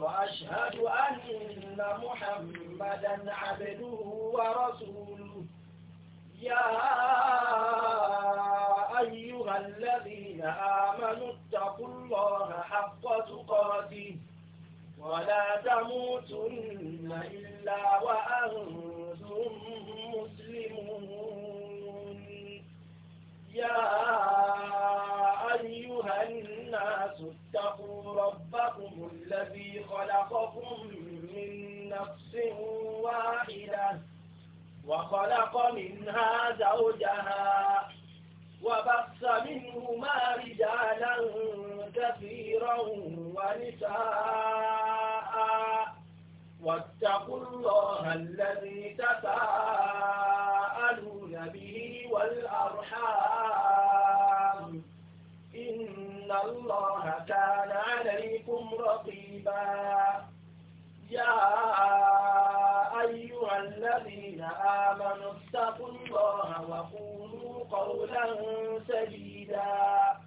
وأشهد أن محمدا عبده ورسوله يا أيها الذين آمنوا اتقوا الله حق تقاته ولا تموتن إلا وأنتم مسلمون يا أيها الناس اتقوا ربكم الذي خلقكم من نفس واحدة وخلق منها زوجها وبث منهما رجالا كثيرا ونساء واتقوا الله الذي تساءلون به والأرحام إن الله كان عليكم رقيبا يا أيها الذين آمنوا اتقوا الله وقولوا قولا سديدا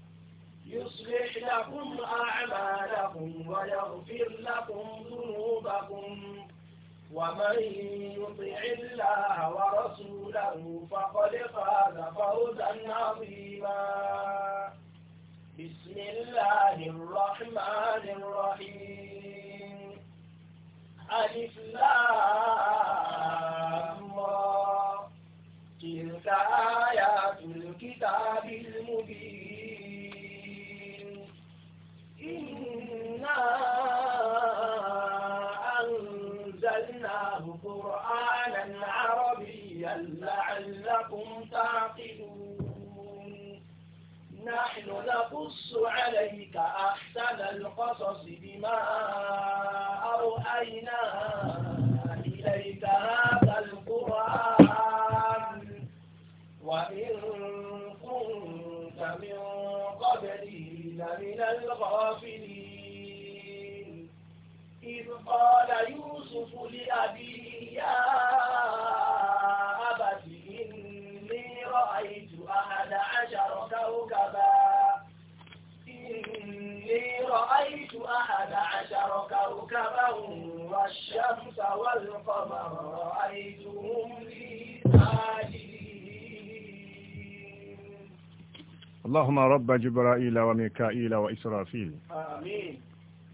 يصلح لكم أعمالكم ويغفر لكم ذنوبكم ومن يطع الله ورسوله فقد فاز فوزا عظيما بسم الله الرحمن الرحيم ألف لام تلك آيات الكتاب أنزلناه قرآنا عربيا لعلكم تعقلون نحن نقص عليك أحسن القصص بما أرأينا إليك هذا القرآن وإن كنت من قبله لمن الغافلين قال يوسف لأبيه يا أبت إني رأيت أحد عشر كوكبا إني رأيت أحد عشر كوكبا والشمس والقمر رأيتهم لي اللهم رب جبرائيل وميكائيل وإسرافيل آمين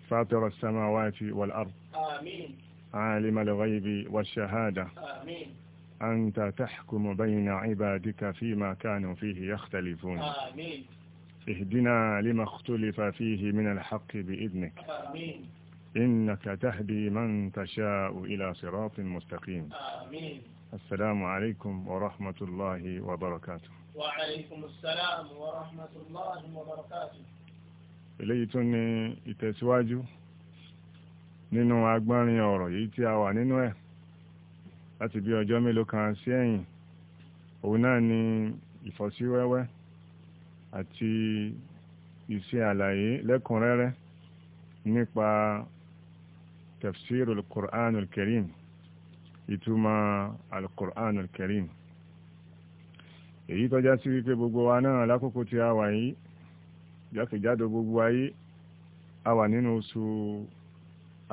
فاطر السماوات والأرض آمين عالم الغيب والشهادة آمين أنت تحكم بين عبادك فيما كانوا فيه يختلفون آمين اهدنا لما اختلف فيه من الحق بإذنك آمين إنك تهدي من تشاء إلى صراط مستقيم آمين السلام عليكم ورحمة الله وبركاته وعليكم السلام ورحمة الله وبركاته eléyìí tún ní ìtẹ̀síwájú nínú agbọ́nrin ọ̀rọ̀ yìí tí a wà nínú ẹ̀ láti bí ọjọ́ mélòó kan sí ẹ̀yìn òun náà ni ìfọ́síwẹ́wẹ́ àti iṣẹ́ àlàyé lẹ́kùnrẹ́rẹ́ nípa tafsir al-Qur'an al-Karim ìtumọ̀ al-Qur'an al-Karim èyí tọ́já sí wípé gbogbo wa náà lákòókò tí a wà yìí jákèjádò gbogbo ayé a wà nínú oṣù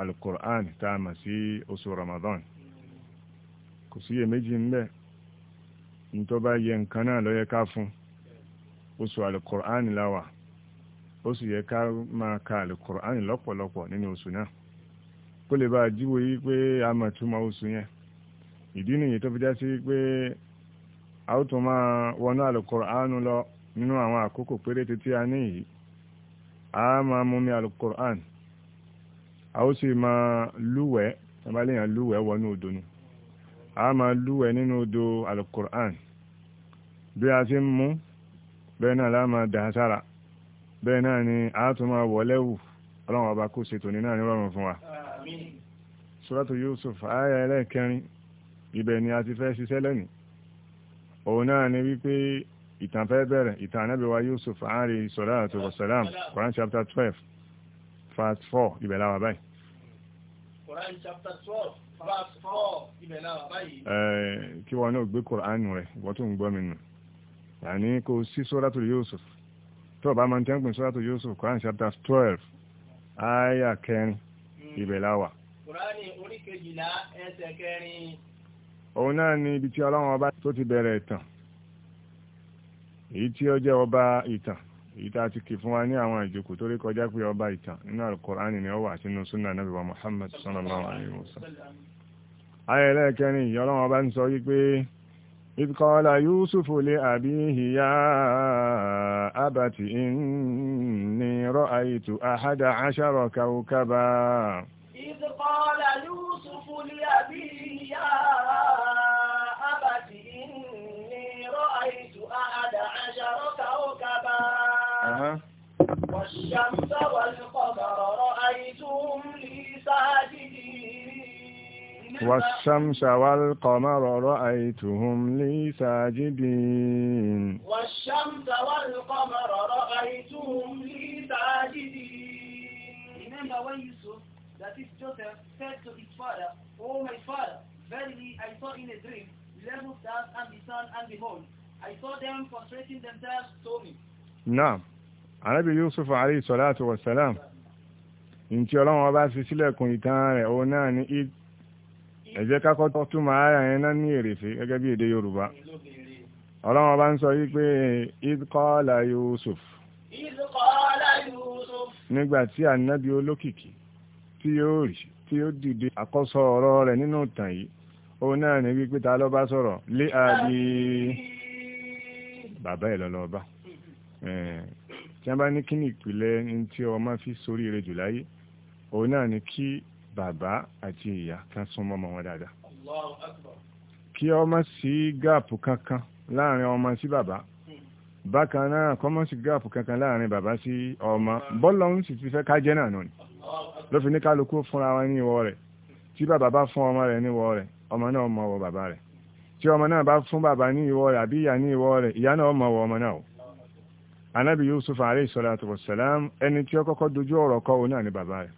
alukur'an tá a mọ̀ sí oṣù ramadan kò síyè méjì ń bẹ nítọ́ bá yẹ nǹkan náà lọ́yẹ ká fún oṣù alukur'an láwà ó sì yẹ ká máa ka alukur'an lọ́pọ̀lọpọ̀ nínú oṣù náà kó lè bá jíwo yí pé a mọ̀ túmọ̀ oṣù yẹn ìdí nìyí tó fi já sí pé a ó tún máa wọnú alukur'an lọ nínú àwọn àkókò péréte tí a ní yìí a máa mú mi alukur'an a ó sì máa lúwẹ̀ ẹbáléyàn lúwẹ̀ wọnú odò ni a máa lúwẹ̀ nínú odò alukur'an bí a ti mú bẹ́ẹ̀ náà láà máa dà sára bẹ́ẹ̀ náà ni a tún máa wọ̀lẹ́wù ọlọ́run ọba kó ṣètò ní náà nírọ̀rùn fún wa suratu Yusuf ayà ẹlẹ́ẹ̀kẹrin ibẹ̀ ni a ti fẹ́ ṣiṣẹ́ lẹ́nu òun náà ni wípé ìtàn fẹ́ bẹ̀rẹ̀ ìtàn Ànábì Yusuf àárí salatu wa Quran chapter twelve verse four ibẹ̀ láwà báyìí. Quran chapter twelve verse four ibẹ̀ láwà báyìí. kí wọn náà gbé Quran rẹ̀ wọ́n tó ń gbọ́ mi nù àní kò sí suratu Yusuf tó o bá máa ń tẹ́ ń pín suratu Yusuf Quran chapter twelve aya kẹrin hmm. ibẹ̀ láwà. Kùránì orí kejìlá ẹsẹ̀ kẹrin. òun náà ni ibi tí ọlọ́run ọba tó ti bẹ̀rẹ̀ ìtàn èyí tí ó jẹ́ ọba ìtàn èyí tá a ti kì fún wa ní àwọn tó ọba ìtàn nínú alukur'ani ni ó wà sínú súnà nàbí wa muhammad sallallahu alayhi wa sallam ayé ẹlẹ́ẹ̀kẹrin ìyá ọba ń sọ wípé ìfikọ́lá yusufu lé àbíhìyá abàtì ní rọ́ àyètò àhádà والشمس والقمر رأيتهم لي ساجدين والشمس والقمر رأيتهم لي ساجدين Remember when Yusuf, that is Joseph, said to his father, Oh my father, verily I saw in a dream, eleven stars and the sun and the moon. I saw them prostrating themselves to me. Naam. Ànábì Yusuf alayhi salatu wa salam. Nti Ọlọ́run ọba fi sílẹ̀kùn ìtàn rẹ̀ òun náà ní ẹ jẹ́ ká kọ́kọ́ túmọ̀ àyà yẹn náà ní èrèfé gẹ́gẹ́ bí èdè Yorùbá ọlọ́run ọba ń sọ yí pé idqala Yusuf idqala Yusuf nígbà tí ànábi olókìkí tí yóò rí tí ó dìde àkọ́sọ ọ̀rọ̀ rẹ̀ nínú ìtàn yìí òun náà ní wípé ta ló bá sọ̀rọ̀ lé àbí bàbá ẹ̀ lọ́lọ́ba tí wọ́n bá ní kí ni ìpìlẹ̀ ní tí ọmọ fi sórí rẹ̀ jù láyé òun náà ní kí bàbá àti ìyá kan súnmọ́ ọmọ wọn dáadáa kí ọmọ sí gáàpù kankan láàrin ọmọ sí bàbá hmm. bákan náà kọ́mọ́ sí gáàpù kankan láàrin bàbá sí ọmọ bọ́lọ̀ ń sì ti fẹ́ kájẹ́ náà náà ni ló fi ní kálukú fúnra wọn ní ìwọ rẹ̀ tí bàbá bá fún ọmọ rẹ̀ ní ìwọ rẹ̀ ọmọ náà mọ̀ wọ bàbá rẹ̀ tí ọmọ náà bá fún bàbá ní ìwọ rẹ̀ àbí ìyá ní ìwọ rẹ̀ ìyá náà mọ̀ wọ ọmọ náà anábì Yusuf alayhi salatu wassalam ẹni tí ó dojú ọ̀rọ̀ kọ́ òun náà ni bàbá rẹ̀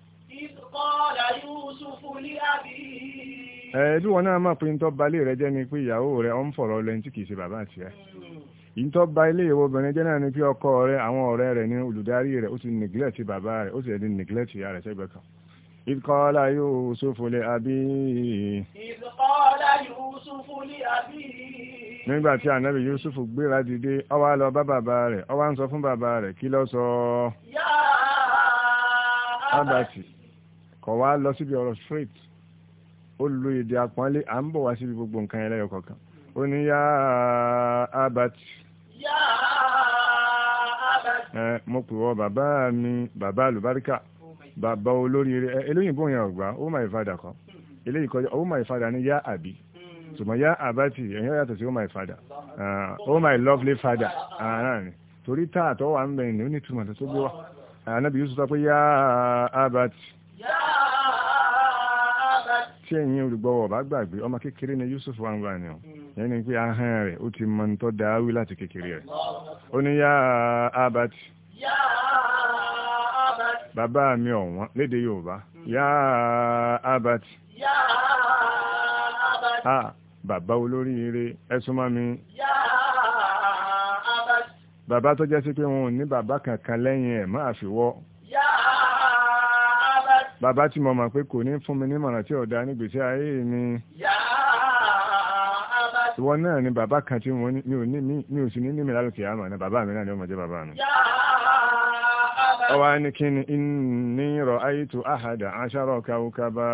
ẹ̀ẹ́dù wọn náà máa pín tọ́ balẹ̀ rẹ jẹ́ ni pé ìyàwó rẹ ọ́n fọ̀rọ̀ lẹ́ni tí kìí ṣe bàbá àti ẹ̀ hmm. yìí tọ́ ba ilé ìwọ obìnrin jẹ́ náà ni pé ọkọ rẹ àwọn ọ̀rẹ́ rẹ ní olùdarí rẹ ó ti neglect bàbá rẹ ó sì ẹ̀ ní neglect ìyá rẹ sẹ́gbẹ̀ẹ́ kan ìkọ́lá Yúsúfù lé àbí nígbàtí ànábì Yúsúfù gbéra dìde ó wá lọ bá bàbá rẹ̀ ó wá ń sọ fún bàbá rẹ̀ kí ló sọ yáà kọ̀ wá lọ síbi ọ̀rọ̀ straight ó lo èdè à ń bọ̀ wá síbi gbogbo nǹkan ẹlẹ́yọ kọ̀ọ̀kan ó ní yá abati. yá abati. ẹ mo pè wọ bàbá mi bàbá àlùbáríkà bàbá olóríire eléyìnbó yẹn ọgbà ó máa ìfadà kan eléyìí kọjá ó máa ìfadà ní yá àbí hmm. ṣùgbọ́n yá abati ẹ̀yìn yàtọ̀ sí ó máa ìfadà ó máa lovely father àárín torí táàtọ̀ wà ń bẹ̀rẹ̀ ní ó ní túmọ̀ tó tó gbé wá ànábì Yusuf sọ pé yá abati tí ẹ̀yin olùgbọ́wọ̀ bá gbàgbé ọmọ kékeré ni Yusuf wà ń wà ní ọ yẹn ni pé ahọ́n rẹ̀ ó ti mọ tó dáwí láti kékeré rẹ̀ ó ní yá abati bàbá mi ọ̀wọ́n léde Yorùbá hmm. yá abat, ha bàbá olóríire ẹ̀sùnmọ́ mi bàbá tó jẹ́ sí pé wọn ò ní bàbá kankan lẹ́yìn ẹ̀ máa fi bàbá tí mo mọ̀ pé kò ní fún mi nímọ̀ràn tí ọ̀dà nígbèsí ayé mi ìwọ náà ni bàbá kan tí mi ò sí ní àmà bàbá mi náà ni ó mọ̀ jẹ́ bàbá mi ní kí ni ní ra'aytu ahada ashara kawkaba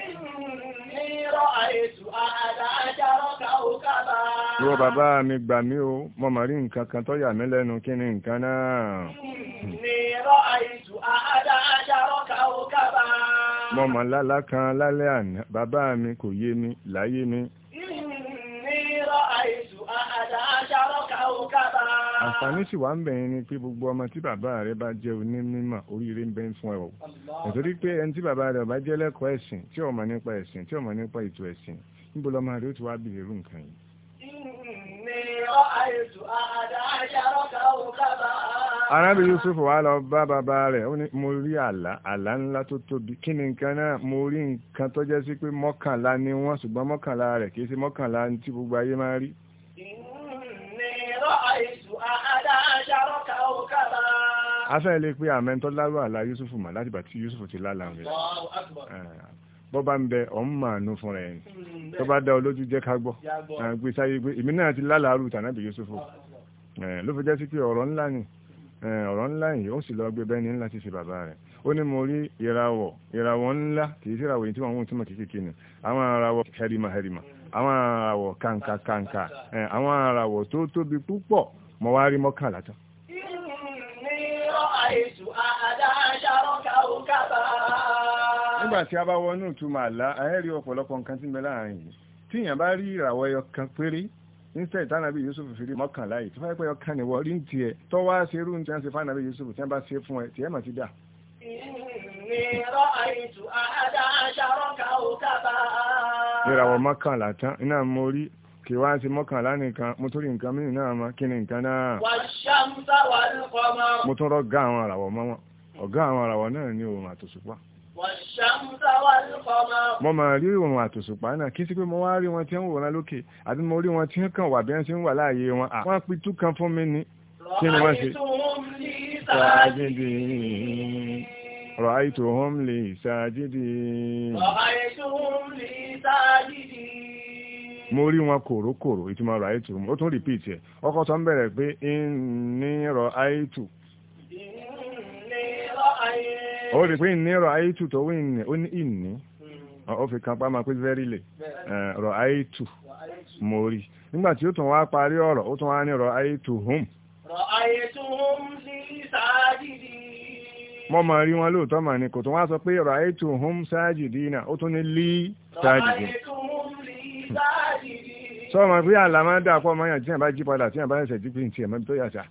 inni ra'aytu ìwọ bàbá mi gbà mí o mo mà rí nǹkan kan tó yà mí lẹ́nu kí ni nǹkan náà mo mọ̀ lálá kan lálẹ́ àná bàbá mi kò yé mi láyé mi. àǹfààní sì wà ń bẹ̀yìn ni pé gbogbo ọmọ tí bàbá rẹ̀ bá jẹ́ onímọ̀ oríire ń bẹ fún ẹ o nítorí pé ẹni tí bàbá rẹ̀ bá jẹ́ lẹ́kọ̀ọ́ ẹ̀sìn tí ó nípa ẹ̀sìn tí ó nípa ètò ẹ̀sìn níbo lọ́mọ rẹ̀ ó ti wá bìrì irú nǹkan yìí. ní ọ̀ àìsù àdá àṣàrọ̀ kàwọ́ arábì Yusuf wà lọ bá bàbá rẹ̀ ó ní mo rí àlá ńlá tó tóbi kí ni nǹkan náà mo rí nǹkan tó jẹ́ sí pé mọ́kànlá ni wọ́n ṣùgbọ́n mọ́kànlá rẹ̀ kìí sí mọ́kànlá tí gbogbo ayé máa rí. afẹ́ lè pe àmẹ́ tó lárú àlá Yusuf mọ̀ láti bàtí Yusuf ti lálàá rẹ̀ bọ́ bá ń bẹ ọ̀n màánú fún rẹ̀ tó bá dá olójú jẹ́ ká gbọ́ gbèsáyé pé èmi náà ti lálàá rú tànábì Yusuf ló fi jẹ́ sí pé ọ̀rọ̀ ńlá ni ọ̀rọ̀ ńlá yìí ó sì lọ gbé bẹ́ẹ̀ ni ńlá ti ṣe bàbá rẹ̀ ó ní mo rí ìràwọ̀ ìràwọ̀ ńlá kìí sí ìràwọ̀ yìí tí wọ́n ń túmọ̀ kékeré ni àwọn ìràwọ̀ hẹrìmà hẹrìmà àwọn ìràwọ̀ kàǹkà kàǹkà àwọn ìràwọ̀ tó tóbi púpọ̀ mo wá rí mọ́kànlá tán. nígbà tí a bá wọnú ìtumọ̀ àlá ayẹ́rí ọ̀pọ̀lọpọ̀ nǹkan tí ń bẹ láàrin yìí tíyàn bá rí ìràwọ̀ ẹyọ kan péré níṣẹ́ ìtànàbí Yusuf fìrí mọ́kànlá yìí tí wọ́n pẹ́ ọkàn ní wọ́n rí ń tiẹ̀ tó wá ṣe irú ní tí wọ́n ṣe fànàbí Yusuf tí wọ́n bá ṣe fún ẹ tiẹ̀ mà ti dà. ìràwọ̀ mọ́kànlá tán iná mo rí kì wá sí mọ́kànlá nìkan mo tún rí nǹkan mí náà mọ́ kí ni nǹkan náà. mo tún rọ́ àwọn àràwọ̀ mọ́ wọn ọ̀gá àwọn àràwọ̀ náà ní òun àtòṣùpá mo máa rí ìwọ̀n àtòṣùpá náà kí sí pé mo wá rí wọn tí ń wòran lókè àti mo rí wọn tí ń kàn wà bí wọ́n ti ń wà láàyè wọn à wọ́n kan fún mi ní kí ni wọ́n ṣe. ọ̀rọ̀ àìtò hóm lè ṣàjídì. mo rí wọn kòrókòrò ìtumọ̀ ọ̀rọ̀ àìtò ó tún rìpíìtì ẹ̀ ọkọ̀ tó ń bẹ̀rẹ̀ pé ń ní ọ̀rọ̀ àìtò. ń ní ọ̀rọ̀ àìtò. ó rí pé ní rọ̀ àìtù tó wí ní ó ní ìní hmm. ó fi kan pàmà pé verily rọ̀ àìtù mo rí nígbà tí ó tún wá parí ọ̀rọ̀ ó tún wá ní rọ̀ ma rí wọn lóòótọ́ mà ní kò tó wá sọ pé rọ̀ àìtù hum sáájìdìna ó tún ní lí sáájìdì sọ ma pé àlàmá dà pọ̀ mọ́ yàn tí yàn bá jí padà tí yàn bá ẹsẹ̀ jí pé ní tiẹ̀ tó yà sá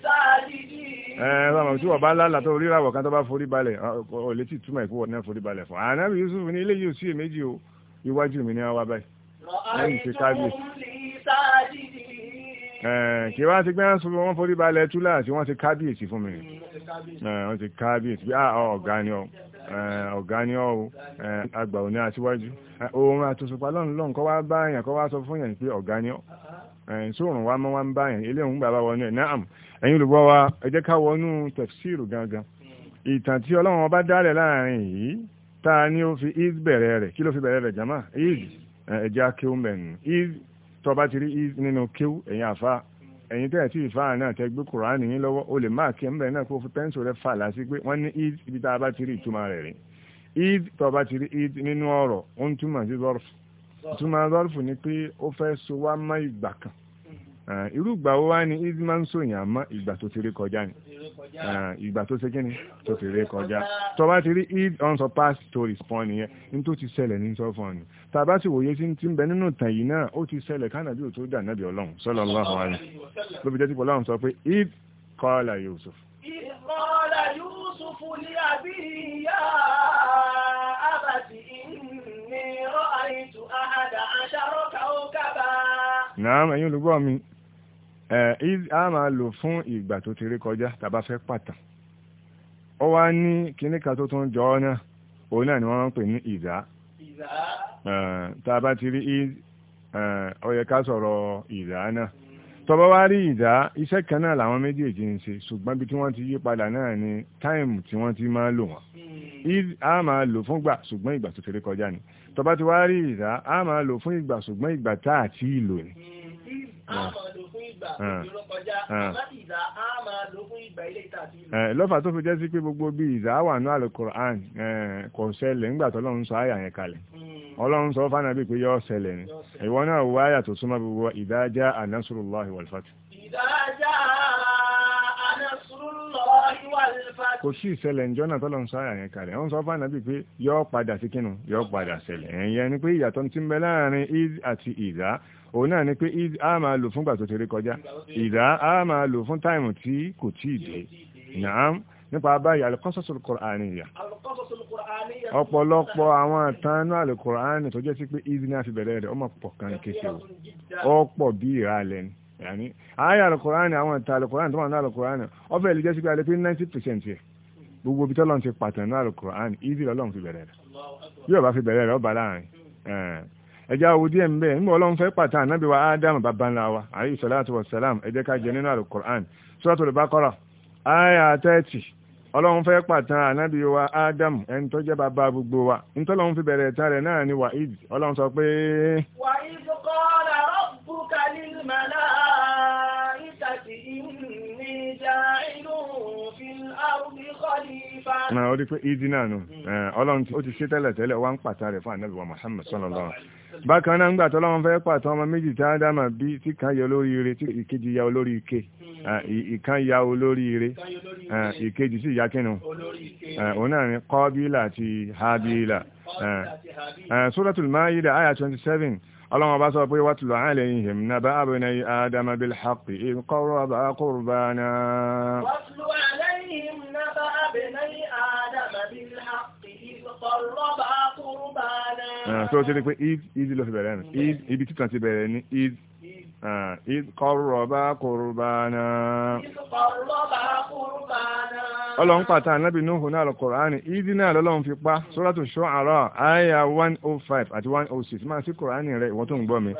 ẹ bàbá tí wọ́n bá lálà tó ríra wọ̀ kan tó bá forí balẹ̀ ọ̀ létí túmọ̀ ìkú wọ̀n náà forí balẹ̀ fún ànábì Yusuf ní ilé yìí sí èméjì o iwájú mi ní wá báyìí lẹ́yìn ṣe kábíyèsí. kí wá ti gbé wọn sọ́kọ́ wọn forí balẹ̀ túlá àti wọ́n ti kábíyèsí fún mi wọ́n ti kábíyèsí bí ọ̀gá ni ọ́ ọ̀gá ni ọ́ o àgbà òní aṣíwájú òun àtòsùpá lọ́nà lọ́nà kọ́ wá bá èèyàn kọ́ wá sọ fún èèyàn pé ọ̀gá ni ọ́ Eh, sóòrùn wa máa ń báyìí eléyìí ń bàbá wọnú ẹ̀ náàm ẹ̀yin olùgbọ́ wa ẹ ká wọnú tafsiru gangan ìtàn tí ọlọ́run ọba dálẹ̀ láàrin yìí tá a ní ó fi id bẹ̀rẹ̀ rẹ̀ kí ló fi bẹ̀rẹ̀ rẹ̀ jama is ẹ̀jẹ̀ akéwù mẹ́nu id tó bá ti rí id nínú kéwù ẹ̀yin àfa ẹ̀yin tẹ́ẹ̀ tí ìfáà náà tẹ́ gbé kùránì yín lọ́wọ́ o lè máa kí ẹ̀mbẹ̀ náà kó fi pẹ́ńsù rẹ̀ fà lásì pé wọ́n ní id ibi tá a bá ti rí ìtumọ̀ rẹ̀ rí id tó bá ti rí id nínú ọ̀rọ̀ ó ń túmọ̀ sí zọ́rọ̀fù ìtumọ̀ zọ́rùfù ni pé ó fẹ́ so wá mọ́ ìgbà kan mm-hmm. eh, irú ìgbà wo wá ní ìdímọ̀ ń sòyìn àmọ́ ìgbà tó ti rí kọjá ni eh, ìgbà tó ṣe kí ni tó ti rí kọjá tó bá ti rí id on so past stories fún ọ nìyẹn ní tó ti ṣẹlẹ̀ ní sọ fún ọ ni tá a bá sì wòye sí ti ń bẹ nínú ìtàn yìí náà ó ti ṣẹlẹ̀ kánàbí ò tó dà nábì ọlọ́run sallallahu alaihi ló fi jẹ́ sípò ọlọ́run sọ pé id qala Yusuf. If qala Yusuf li abihi ya abati ra'aytu ahada ashara kawkaba. nàám ẹ̀yin olùgbọ́ mi a máa lò fún ìgbà tó ti rí kọjá tàbá fẹ́ pàtàn ó wá ní kíní kan tó tún jọ ọ́ náà òun náà ni wọn ń pè ní ìdá tàbá ti rí ó yẹ ká sọ̀rọ̀ ìdá náà. tọba wá rí ìdá iṣẹ́ kan náà làwọn méjèèjì ń ṣe ṣùgbọ́n bí tí wọ́n ti yí padà náà ni táìmù tí wọ́n ti máa lò wọ́n hmm. a máa lò fún ìgbà ṣùgbọ́n ìgbà tó fèrè kọjá ni tọba ti wá rí ìdá a máa lò fún ìgbà ṣùgbọ́n ìgbà tá àti ìlò ni. Hmm. Ah. Ah. Ah. Eh, lọ́fà tó fi jẹ́ sí pé gbogbo bí ìzà wà ní alukur'an eh, kò ṣẹlẹ̀ nígbà tó lọ́run sọ àyà yẹn kalẹ̀ hmm. ọlọ́run sọ fánà bí pé yọ ṣẹlẹ̀ ni ìwọ náà wáyà tó súnmọ́ gbogbo ìdájá ànásùrùlọ́hì wàlfàtì. ìdájá kò sí ìṣẹ̀lẹ̀ ǹjọ́ náà tọ́lọ̀ ń sáyà yẹn kalẹ̀ ó ń sọ fún ànábì pé yọ́ padà sí kínú yọ́ padà ṣẹlẹ̀ ẹ̀yẹn ni pé ìyàtọ̀ ti ń bẹ láàrin id àti ìdá òun náà ni pé id a máa lò fún ìgbà tó ti rí kọjá ìdá a máa lò fún táìmù tí kò tí ì dé nàám nípa báyìí alqasasul qur'aniyya ọ̀pọ̀lọpọ̀ àwọn àtànú alqur'ani tó jẹ́ sí pé id ní a fi bẹ̀rẹ̀ rẹ̀ ọmọ pọ̀ kan kéṣe ó pọ̀ bí ìrà lẹ́nu yàní àyà alukur'ani àwọn ìta alukur'ani tó wà ní alukur'ani ọbẹ̀ ìlú jẹ́sí pé ninety percent yẹ gbogbo ibi tọ́lọ́n ti pàtàn ní alukur'ani easy lọ́lọ́n fi bẹ̀rẹ̀ rẹ̀ ọba fi bẹ̀rẹ̀ rẹ̀ ọba láàrin ẹja owó díẹ̀ ń bẹ̀ nígbà ọlọ́run fẹ́ pàtàn nábì wa adam bàbá wa alayhi salatu wa salam ẹ ká jẹ ربك للملائكة إني جاعل في الأرض خليفة ما أريد إيدنا نو أولا أنت أتي سيتلة تلة وان قطار فعن نبي محمد صلى الله عليه وسلم bákan náà ń gbà tọ́lọ́wọ́n fẹ́ pàtọ́ ọmọ méjì tí ádámà bí tí kan yọ lórí ire tí ìkejì ya olórí ike hmm. ìkan ya olórí ire ìkejì sì ya kínú òun náà ni kọ́bílà àti hábílà Suratul àyà 27 ọlọ́run ọba sọ pé wàtúlọ̀ alayhim naba abnay adama bil haqqi in qarraba qurbana wàtúlọ̀ alayhim naba abnay adama bil haqqi in qarraba qurbana tó ti rí pé ìdí ló fi bẹ̀rẹ̀ ní ibi títàn ti bẹ̀rẹ̀ ní إذ قربا قربانا ọlọ́run pàtà anábì Nuhu náà lọ́kọ̀ọ́rán ìdí náà lọ́lọ́run fi pa Suratu Shu'ara àyà 105 àti 106 máa sí kọ̀ọ̀rán rẹ̀ ìwọ́n tó ń gbọ́ mi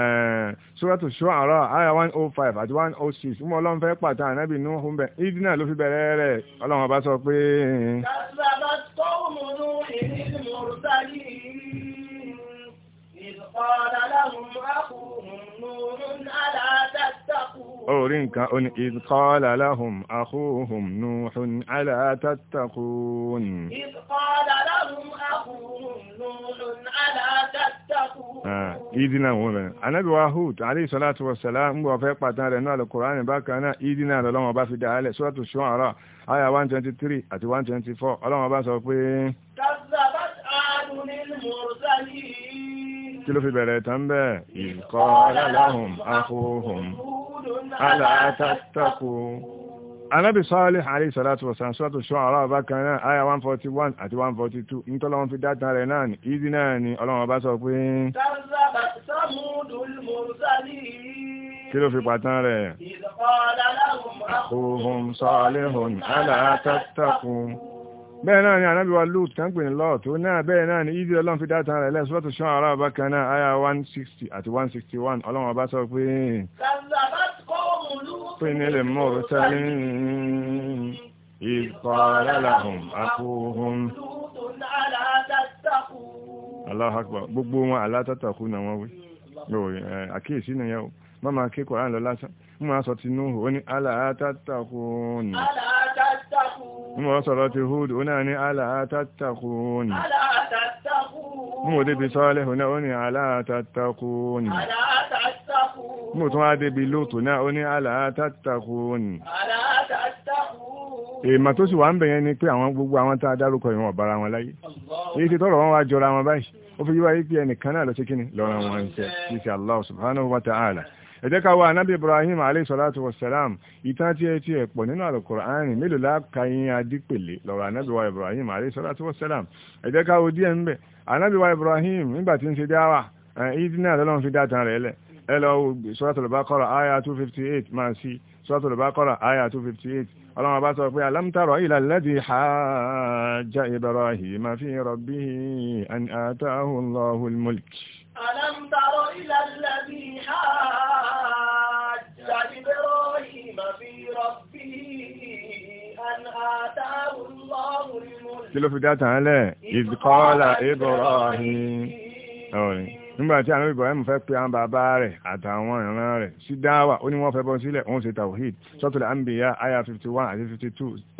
eh, Suratu Shu'ara àyà 105 àti 106 mú ọlọ́run fẹ́ pàtà anábì Nuhu bẹ̀ ìdí náà ló fi bẹ̀rẹ̀ rẹ̀ ọlọ́run orí nǹkan ó ní ìkọ́lá láhùn àkóhùn nùhùn alátàtàkùn. ìkọ́lá láhùn àkóhùn nùhùn alátàtàkùn. ìdínà ah, wọn rẹ̀ anábì wa Hud alayhi salatu wassalam ń bọ̀ fẹ́ pàtàkì rẹ̀ náà Al-Qur'ani bákan náà ìdínà lọ́lọ́wọ́ bá fi dàálẹ̀ Suratu Shu'ara àyà 123 àti 124 ọlọ́wọ́ bá sọ pé. kazzabat adun al-mursalin. kí ló fi bẹ̀rẹ̀ tán bẹ́ẹ̀ ìkọ́lá láhùn àkóhùn aláàtàkùn anábì sọ́ọ́lẹ̀ àrí ìsọ̀látù ọ̀sán sọ́tù ṣọ́ ọ̀rọ̀ ọba kan náà àyà 141 àti 142 nítọ́lọ́wọ́n fi dátan rẹ̀ náà ní ìdí náà ni ọlọ́run ọba sọ pé kí ló fi pàtán rẹ̀ ìdọ̀kọ́ bẹ́ẹ̀ náà ni ànábì wa Lut tán pè ní naanị tó náà bẹ́ẹ̀ náà ni ìdí ọlọ́run fi dáta rẹ̀ lẹ́sùn lọ́tọ̀ ṣán ara ọba kan náà àyà 160 àti 161 ọlọ́run ọba sọ pé pé nílẹ̀ mọ́rọ̀ sáré ìkọ̀ alálàhùn akóhun Allahu Akbar gbogbo wọn alátàtàkù náà wọ́n wí eh, àkíyèsí nìyẹn má máa ké Kùránì lọ lásán mú máa sọ ti núhù ó ní aláàtàtàkùn mú máa sọ̀rọ̀ ti húdù ó náà ní aláàtàtàkùn mú débi sọ́ọ́lẹ̀ ó náà ó ní aláàtàtàkùn mú tún wá débi lóòtù náà ó ní aláàtàtàkùn èèmà tó sì wà ń bẹ̀yẹn ni pé àwọn gbogbo àwọn tá a dárúkọ ìwọ̀n ọ̀bára wọn láyé èyí ti tọ́rọ̀ wọn wá jọra wọn báyìí ó fi yíwá yí pé ẹnìkan náà lọ sí kíni lọ́ra wọn ń tẹ́ sí sí Allah subhanahu wa ta'ala ẹ jẹ́ ká wo anábì ibrahim alayhi salatu wassalam ìtàn tí ẹ ti ẹ̀ pọ̀ nínú àlùkùránì mélòó láàkàyìn adípèlé lọ́rọ̀ anábì wa ibrahim alayhi salatu wassalam ẹ jẹ́ ká wo díẹ̀ ń bẹ̀ anábì wa ibrahim nígbà tí ń ṣe dáwà ìdínà lọ́lọ́run fi dátan rẹ̀ lẹ̀ ẹ lọ suratul baqara 258 máa sí suratul baqara aya 258 ọlọ́run bá sọ pé alam tara ila alladhi hajja ibrahima fi rabbihi an atahu allahul mulk عن إبراهيم في ربه kí ló fi dá tàn án lẹ̀ ìdíkọ́lá ibrahim nígbà tí àwọn Ibrahim fẹ́ pe àwọn bàbá rẹ̀ àtàwọn ìran rẹ̀ sí dáwà ó ní wọ́n fẹ́ bọ́ sílẹ̀ wọ́n ṣe tawhid sọ́tul Anbiya aya fifty one àti fifty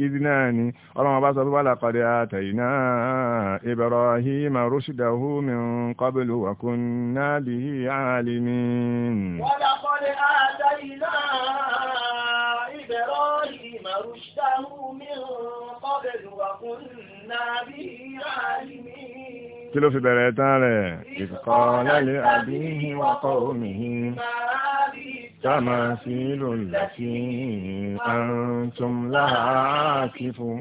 ìdí náà ni ọlọ́run bá sọ pé walaqad atayna Ibrahima rushdahu min qablu wa kunna bihi alimin. walaqad atayna Ibrahima rushdahu min qablu wa kunna bihi alimin kí ló fi bẹ̀rẹ̀ tán rẹ̀ ìkọ̀ọ́lẹ́lẹ́ àbíhìn wọ́kọ̀ òmìnir تماثيل التي أنتم لها عاكفون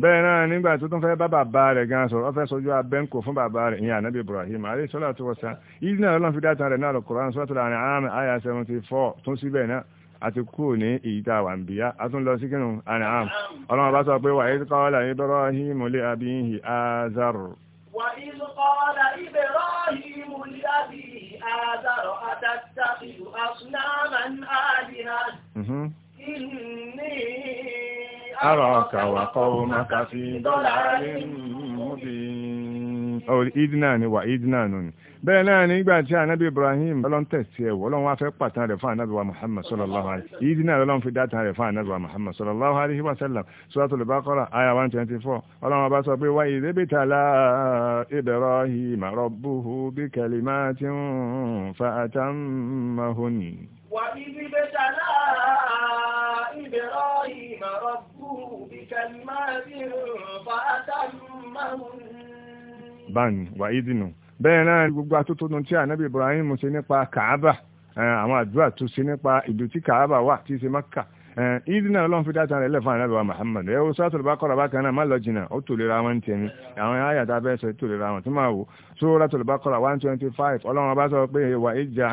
bẹ́ẹ̀ náà nígbà tó tún fẹ́ bá bàbá rẹ̀ gan sọ̀rọ̀ ọ́fẹ́ sojú abẹ́ǹkò fún bàbá rẹ̀ ìyẹn ànábì Ibrahim aléṣọ́lá tó wọ́sá ìdí náà lọ́n fi dáta rẹ̀ náà lọ Kùránì sọ́tò láàrin àmì àyà 74 tún síbẹ̀ náà àti kú ní ìyíta wà a tún lọ sí kínú àrìn àmì ọlọ́run bá sọ pé wà وإذ قال إبراهيم لأبيه آذر أتتخذ أصناما آلهة إني أراك وقومك في ضلال مبين ìdínà ni wà ìdínà nù ni bẹ́ẹ̀ náà nígbà tí ànábì Ibrahim ọlọ́n tẹ̀sí ẹ̀wọ̀ ọlọ́n wá fẹ́ pàtàn rẹ̀ fún ànábì wa Muhammad sallallahu alayhi ìdínà ọlọ́n fi dátà rẹ̀ fún ànábì wa Muhammad sallallahu alayhi wa sallam Suratul Baqara aya 124 ọlọ́n ọba sọ pé wá idhibtala Ibrahim rabbuhu bi kalimatin fa atammahunna wa idhibtala Ibrahim bani wà ídìnù bẹ́ẹ̀ náà gbogbo atótónu tí ànábì Ibrahim ṣe nípa Kàábà àwọn àdúrà tó ṣe nípa ìlú tí Kàábà wà tí ṣe Mákà ìdí náà lọ́n fi dáta rẹ̀ lẹ́fà rẹ̀ bá Muhammad ẹ̀ o sọ́tọ̀ bá kọ́ra bá náà má lọ jìnà ó tò lera wọn tẹ̀mí àwọn ayàtà bẹ́ẹ̀ sọ tò lera wọn tó máa wò sóra tò bá kọ́ra 125 ọlọ́run bá sọ pé wà ìjà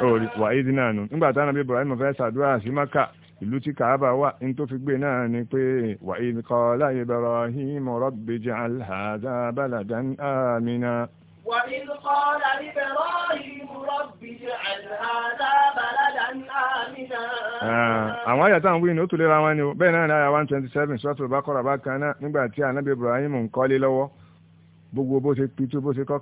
ó rí wà ídì náà nù nígbà táwọn ànábì Ibrahim fẹ́ ṣàdúrà sí Mákà ìlú tí Kàábà wà ní tó fi gbé náà ni pé wà ídì qala Ibrahim rabbi ij'al hadha baladan amina. wà ídì qala Ibrahim rabbi ij'al hadha baladan amina. Ah, àwọn àyà táwọn wíìnì ó tún léra wọn ni o bẹ́ẹ̀ náà ní àyà one twenty seven Suratul Baqara bákan náà nígbà tí ànábì Ibrahim ń kọ́lé lọ́wọ́ gbogbo bó ṣe pitú bó ṣe kọ́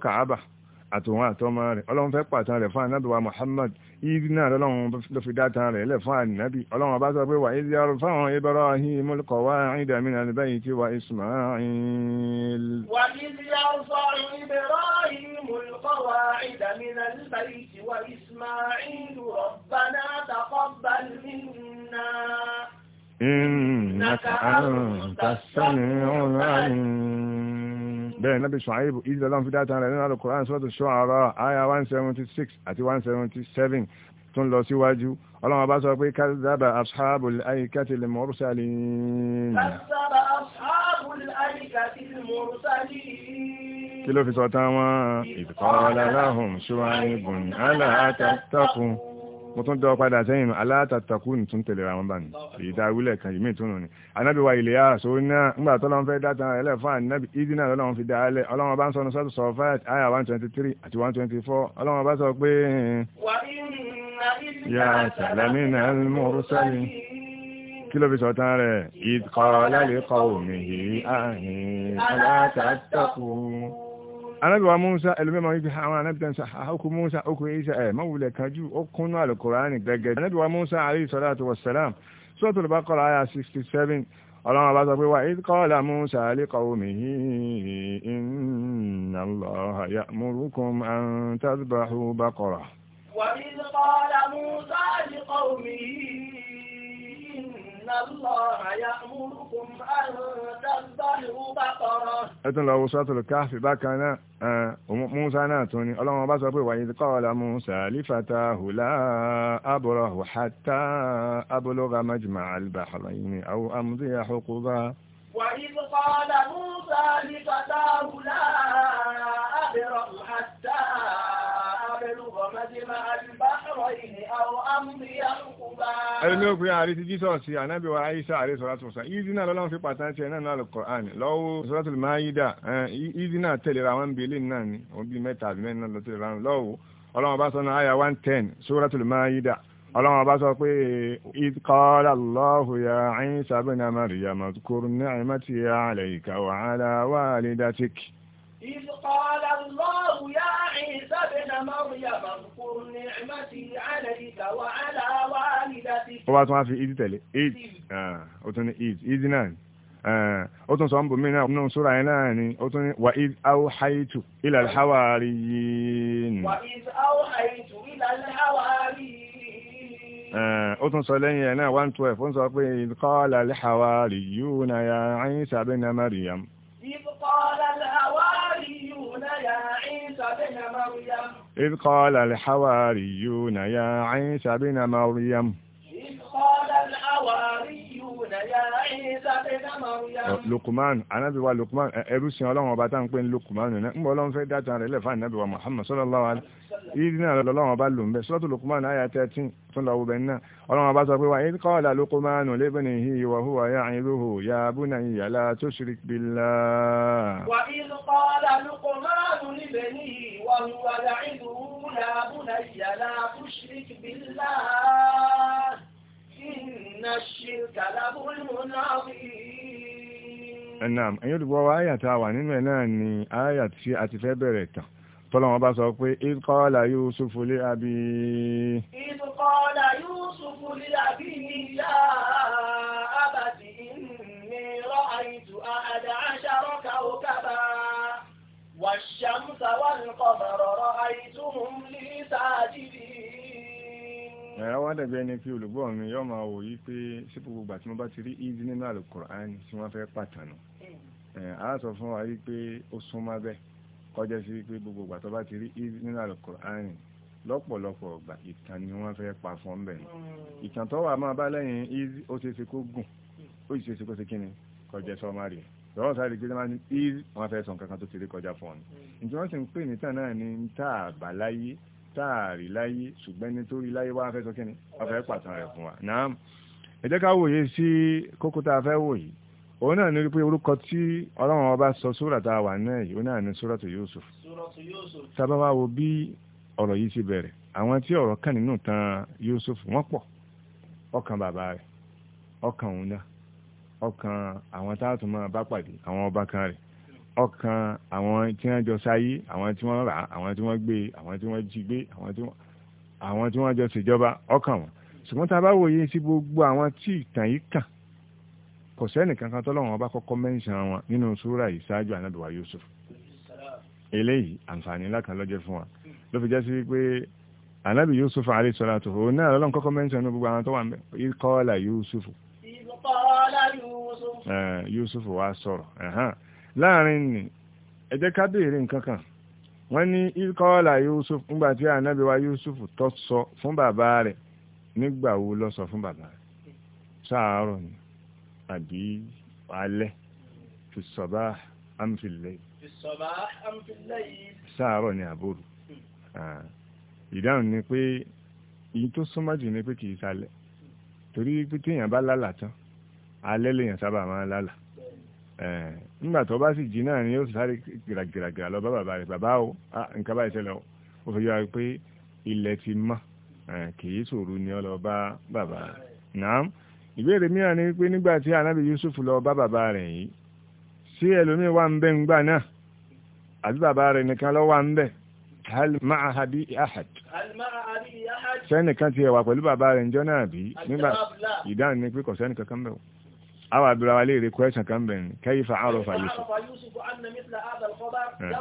àtòun àtọmọ rẹ̀ ọlọ́run fẹ́ pàtàn rẹ̀ fún anábìwá Muhammad yìí náà lọ́lọ́run ló fi dátan rẹ̀ lẹ̀ fún ànábì ọlọ́run bá sọ pé wà ìdí ọrọ̀ fáwọn Ibrahim al-qawa'ida min al-bayti wa Ismail. wà ìdí ọrọ̀ fáwọn Ibrahim al-qawa'ida min al-bayti wa Ismail rabbana taqabbal minna. إنك أنت السميع العليم بين نبي شعيب إذا لهم في داتا one seventy six الشعراء one seventy seven. 177 tún lọ síwájú ọlọ́run bá sọ pé kazaba ashabul aikati lil mursalin kazaba ashabul aikati lil mursalin kí ló fi sọ tán wọn idh qala lahum shu'aybun ala tattaqun mo tún dọ́ padà sẹ́yìn alátàtàkù tún tẹ̀lé ra wọn bá ní èyí tá a kan yìí tún nù ni anábì wa náà ńgbà tọ́lọ́n fẹ́ dáta ẹlẹ́ fún anábì lọ́lọ́run fi dá alẹ́ ọlọ́run bá ń sọ sọ́tù sọ́fẹ́t àyà one àti one ọlọ́run bá sọ pé. yà sàlámì náà mọ̀rú sẹ́yìn kí ló fi sọ tán rẹ̀ ìkọ̀ lálẹ́ kọ̀ òmìnir anábìwá musa ẹlòmíràn yìí fi àwọn anábìtàn sá àkókò musa okò isa ẹ mọ̀wulẹ̀ kanjú ó kúnnú alukurani gẹ́gẹ́ anábìwá musa alayhi salatu wa salam suratul àyà 67 ọlọ́run bá sọ pé wà idh qala musa li qawmihi inna allaha ya'murukum an tadhbahu baqara. wa idh ẹtún lọ wo sọ́tùlù káàfì bákan náà Musa náà tún ni ọlọ́run bá sọ pé wàyí qala Musa li fatahu la abrahu hatta ablugha majma'a al-bahrayni aw amdiya huquba. وإذ قال موسى لفتاه لا أبرح حتى أبلغ مجمع ẹni ó pé àrí ti Jesus ànábì wa Aisha àrí sọ́látù sàn ìdínà lọ́lọ́run fi pàtàkì tiẹ̀ náà náà Al-Qur'an lọ́wọ́ suratul Maida ìdínà tẹ̀lera wọn bí ilé náà ni òun bí mẹ́ta àbí mẹ́rin náà lọ tẹ̀lera wọn lọ́wọ́ ọlọ́run bá sọ náà àyà 110 suratul Maida ọlọ́run bá sọ pé idh qala ya Isa ibn Maryam udhkur ni'mati إذ قال الله يا عيسى ابن مريم اذكر نعمتي عليك وعلى والدتك. Ọba tún wá fi ìdí tẹ̀lé ìd ah, ó إيد ní ìd ìd náà ni ah, ó tún sọ ń bò mí náà nínú súra yẹn náà ni ó tún ní wà ìd áwùháìtù ilà alháwárí yìí. Wà ìd áwùháìtù ilà alháwárí yìí. Ah, ó tún sọ lẹ́yìn ẹ̀ náà one twelve ó ń sọ pé ìd qala alháwárí yìí náà yà Ìsá ibn Maryam. إذ قال الحواريون يا عيسى بن مريم إذ قال الحواريون يا عيسى بن مريم إذ قال الحواريون Lukman anabi wa Lukman ẹrú sin ọlọ́run ọba tá ń pè ní Lukman nìyẹn ń bọ́ ọlọ́run fẹ́ dáta rẹ̀ lẹ́fà anabi wa Muhammad sallallahu alaihi ìdí náà lọ́lọ́run ọba lò ń bẹ́ sọ́tù Lukman àyà 13 tún lọ wọ́bẹ̀ náà ọlọ́run ọba sọ pé wa idh qala Lukman libnihi wa huwa ya'izuhu ya bunayya la tushrik billah. wa idh qala Lukman libnihi wa huwa ya'izuhu ya bunayya la tushrik billah ẹ̀nàm ẹ̀yìn olùgbọ́ wa ayà tá a wà nínú ẹ̀ náà ni ayà tí a ti fẹ́ bẹ̀rẹ̀ tán tọ́lọ́wọ́n bá sọ pé ìkọ́ọ̀lá Yúsúfù lé àbí ìkọ́ọ̀lá Yúsúfù lé àbí ìyá àbàtì ní rọ́ àìjù àdá àṣàrọ́ kàókàbà wàṣàmùsà wà ní ẹ̀rọ wá dẹ̀bẹ̀ ni pé olùgbọ́ mi yọ́ máa wò yí pé sí gbogbo ìgbà tí mo bá ti rí ìdí nínú àlùkùránì tí wọ́n fẹ́ pàtànù a sọ fún wa yí pé ó súnmọ́ bẹ́ẹ̀ kọjá sí pé gbogbo ìgbà tó bá ti rí ìdí nínú àlùkùránì lọ́pọ̀lọpọ̀ ọ̀gbà ìtàn ni wọ́n fẹ́ pa fún bẹ̀ ni hmm. ìtàn tó wà máa bá lẹ́yìn ìdí ó ṣe ṣe kó gùn ó sì ṣe ṣe kó ṣe kíni kọjá sọmárì lọ́wọ́ sáré gbé máa ní ìdí wọ́n fẹ́ sọ nǹkan kan tó ti rí kọjá fún ọ táàrí láyé ṣùgbọ́n ní tó láyé wá fẹ́ sọ kíni ọfẹ́ rẹ̀ fún wa náà ẹ jẹ́ ká wòye sí kókó tá a fẹ́ wòye òun náà ní wípé orúkọ tí ọlọ́run ọba sọ sóra tá a wà náà yìí òun náà ní Suratu Yusuf sábà wá wo bí ọ̀rọ̀ yìí ti bẹ̀rẹ̀ àwọn tí ọ̀rọ̀ kàn nínú tan Yusuf wọ́n pọ̀ ọkàn bàbá rẹ̀ ọkàn òun náà ọkàn àwọn táàtù máa bá pàdé ọkàn àwọn tí wọ́n jọ sáyé àwọn tí wọ́n rà àwọn tí wọ́n gbé àwọn tí wọ́n jí gbé àwọn tí wọ́n jọ ṣèjọba ọkàn wọn ṣùgbọ́n tá a bá wòye sí gbogbo àwọn tí ìtàn yìí kàn kò sẹ́nìkan kan tọ́lọ́wọ́n bá kọ́kọ́ mẹ́ńṣán wọn nínú súrà yìí ṣáájú ànábìwá Yusuf eléyìí àǹfààní ńlá kan lọ́jẹ́ fún wa ló fi jẹ́ pé ànábì Yusuf alayhi salatu òun náà lọ́lọ́n kọ́kọ́ mẹ́ńṣán ní gbogbo àwọn tó wà ń bẹ̀ ìkọ́ọ̀là Yusuf Yusuf wa sọ̀rọ̀ láàrin nì ẹ jẹ́ ká béèrè nǹkan kan wọ́n ní ìkọ́ọ̀là Yusuf nígbà tí ànábì Yusuf tó sọ fún bàbá rẹ̀ nígbà wo ló sọ fún bàbá rẹ̀ sáàárọ̀ ni àbí alẹ́ fi sọ̀bá amfilẹ̀ sáàárọ̀ ni àbòrò hmm. ah. ìdáhùn ni pé èyí tó súnmọ́ jù ni pé kì í salẹ̀ torí pé téèyàn bá lálàá tán alẹ́ lèèyàn sábà máa lálàá nígbà tó bá sì jí náà ni yóò sáré gìràgìràgìrà lọ bá bàbá bàbá o nǹkan báyìí o ó fi yára pé ti ma kì í ṣòro ni ọ lọ bá bàbá rẹ̀ ìbéèrè mìíràn ni pé nígbà tí anábì Yusuf lọ bá bàbá rẹ̀ yìí sí ẹlòmíì wà ń bẹ ń gbà náà àbí bàbá rẹ̀ nìkan lọ hal ahad sẹ́nìkan pẹ̀lú bàbá rẹ̀ ń náà bí nígbà ìdáhùn ni kan àwọn àbúrò àwọn aléèrè kwẹ́sàn kan bẹ̀rẹ̀ kayfa arafa Yusuf eh.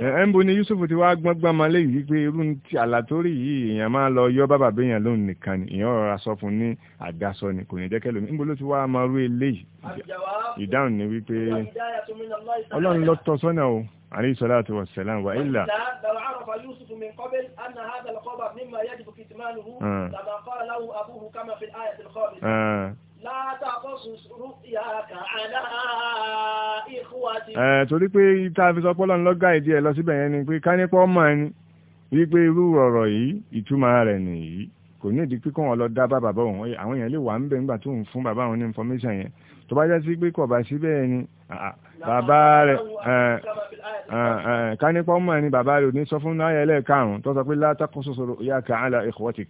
eh, ẹ̀ẹ́n bú ni Yusuf ti wá gbọ́ngbọ́n ma lè yí pé irú ti àlàtórí yìí èèyàn máa lọ yọ bàbà béèyàn lóhun nìkan ni èèyàn rọra sọ fún ní àdásọ ni kò ní jẹ́kẹ́ lómi níbo ló ti wá máa rú eléyìí ìdáhùn ni wípé ọlọ́run ló tọ́ sọ́nà o عليه الصلاة والسلام وإلا لو عرف يوسف من قبل أن هذا القبر مما يجب كتمانه لما قال له أبوه كما في الآية الخامسة لا تقصص رؤياك على إخوتك torí pé ìta fi sọ pọ́lọ́n lọ́gá ìdí ẹ̀ lọ síbẹ̀ yẹn ni pé kánípọ́ mọ́ ẹni wípé irú ọ̀rọ̀ yìí ìtumọ̀ rẹ̀ nìyí kò ní ìdí pípọ́n wọn lọ dá bá bàbá òun àwọn èèyàn lè wà ń bẹ̀ nígbà tó ń fún bàbá òun ní information yẹn tó bá jẹ́ sí pé kò bá síbẹ̀ ẹni bàbá rẹ̀ eh, eh, eh, ká nípa ọmọ ẹni bàbá rẹ̀ ò ní sọ fún náà ẹlẹ́ karùn-ún tó sọ pé látàkùn sòsòrò ya ka ala ikhwatik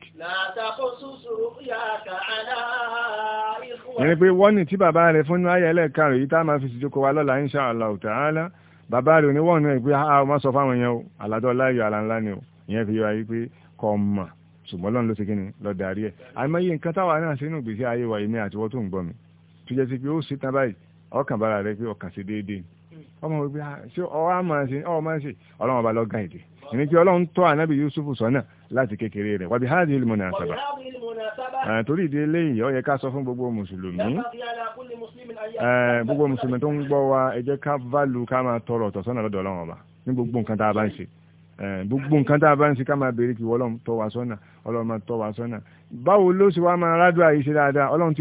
yẹni pé wọ́n ní tí bàbá rẹ̀ fún náà ẹlẹ́ karùn-ún yìí tá máa fi síjókò wa lọ́la insha Allah ta'ala bàbá rẹ̀ ò ní wọ́n ní pé a ah, ah, má sọ fáwọn èèyàn o àlàdọ́ láyọ̀ àlàńlá ni pé ọkàn bára rẹ pé ọkàn ṣe déédéé ọmọ wípé ah, ṣé ọwọ́ máa ṣe ọwọ́ máa ṣe ọlọ́run ọba lọ́gàn èdè ìní ọlọ́run tọ́ ànábì Yusuf sọ́nà láti kékeré rẹ̀ wàbí torí ìdí eléyìí yẹ ká sọ fún gbogbo mùsùlùmí gbogbo mùsùlùmí tó ń gbọ́ wa ká tọrọ ọ̀tọ̀ sọ́nà lọ́dọ̀ ọlọ́run ọba ní gbogbo nǹkan tá a bá ń ṣe gbogbo nǹkan tá a bá ń ṣe ká máa béèrè kí ọlọ́run tọ́ wa sọ́nà ọlọ́run máa tọ́ wa sọ́nà báwo ló ṣe wá máa rádùn àyíṣe dáadáa ọlọ́run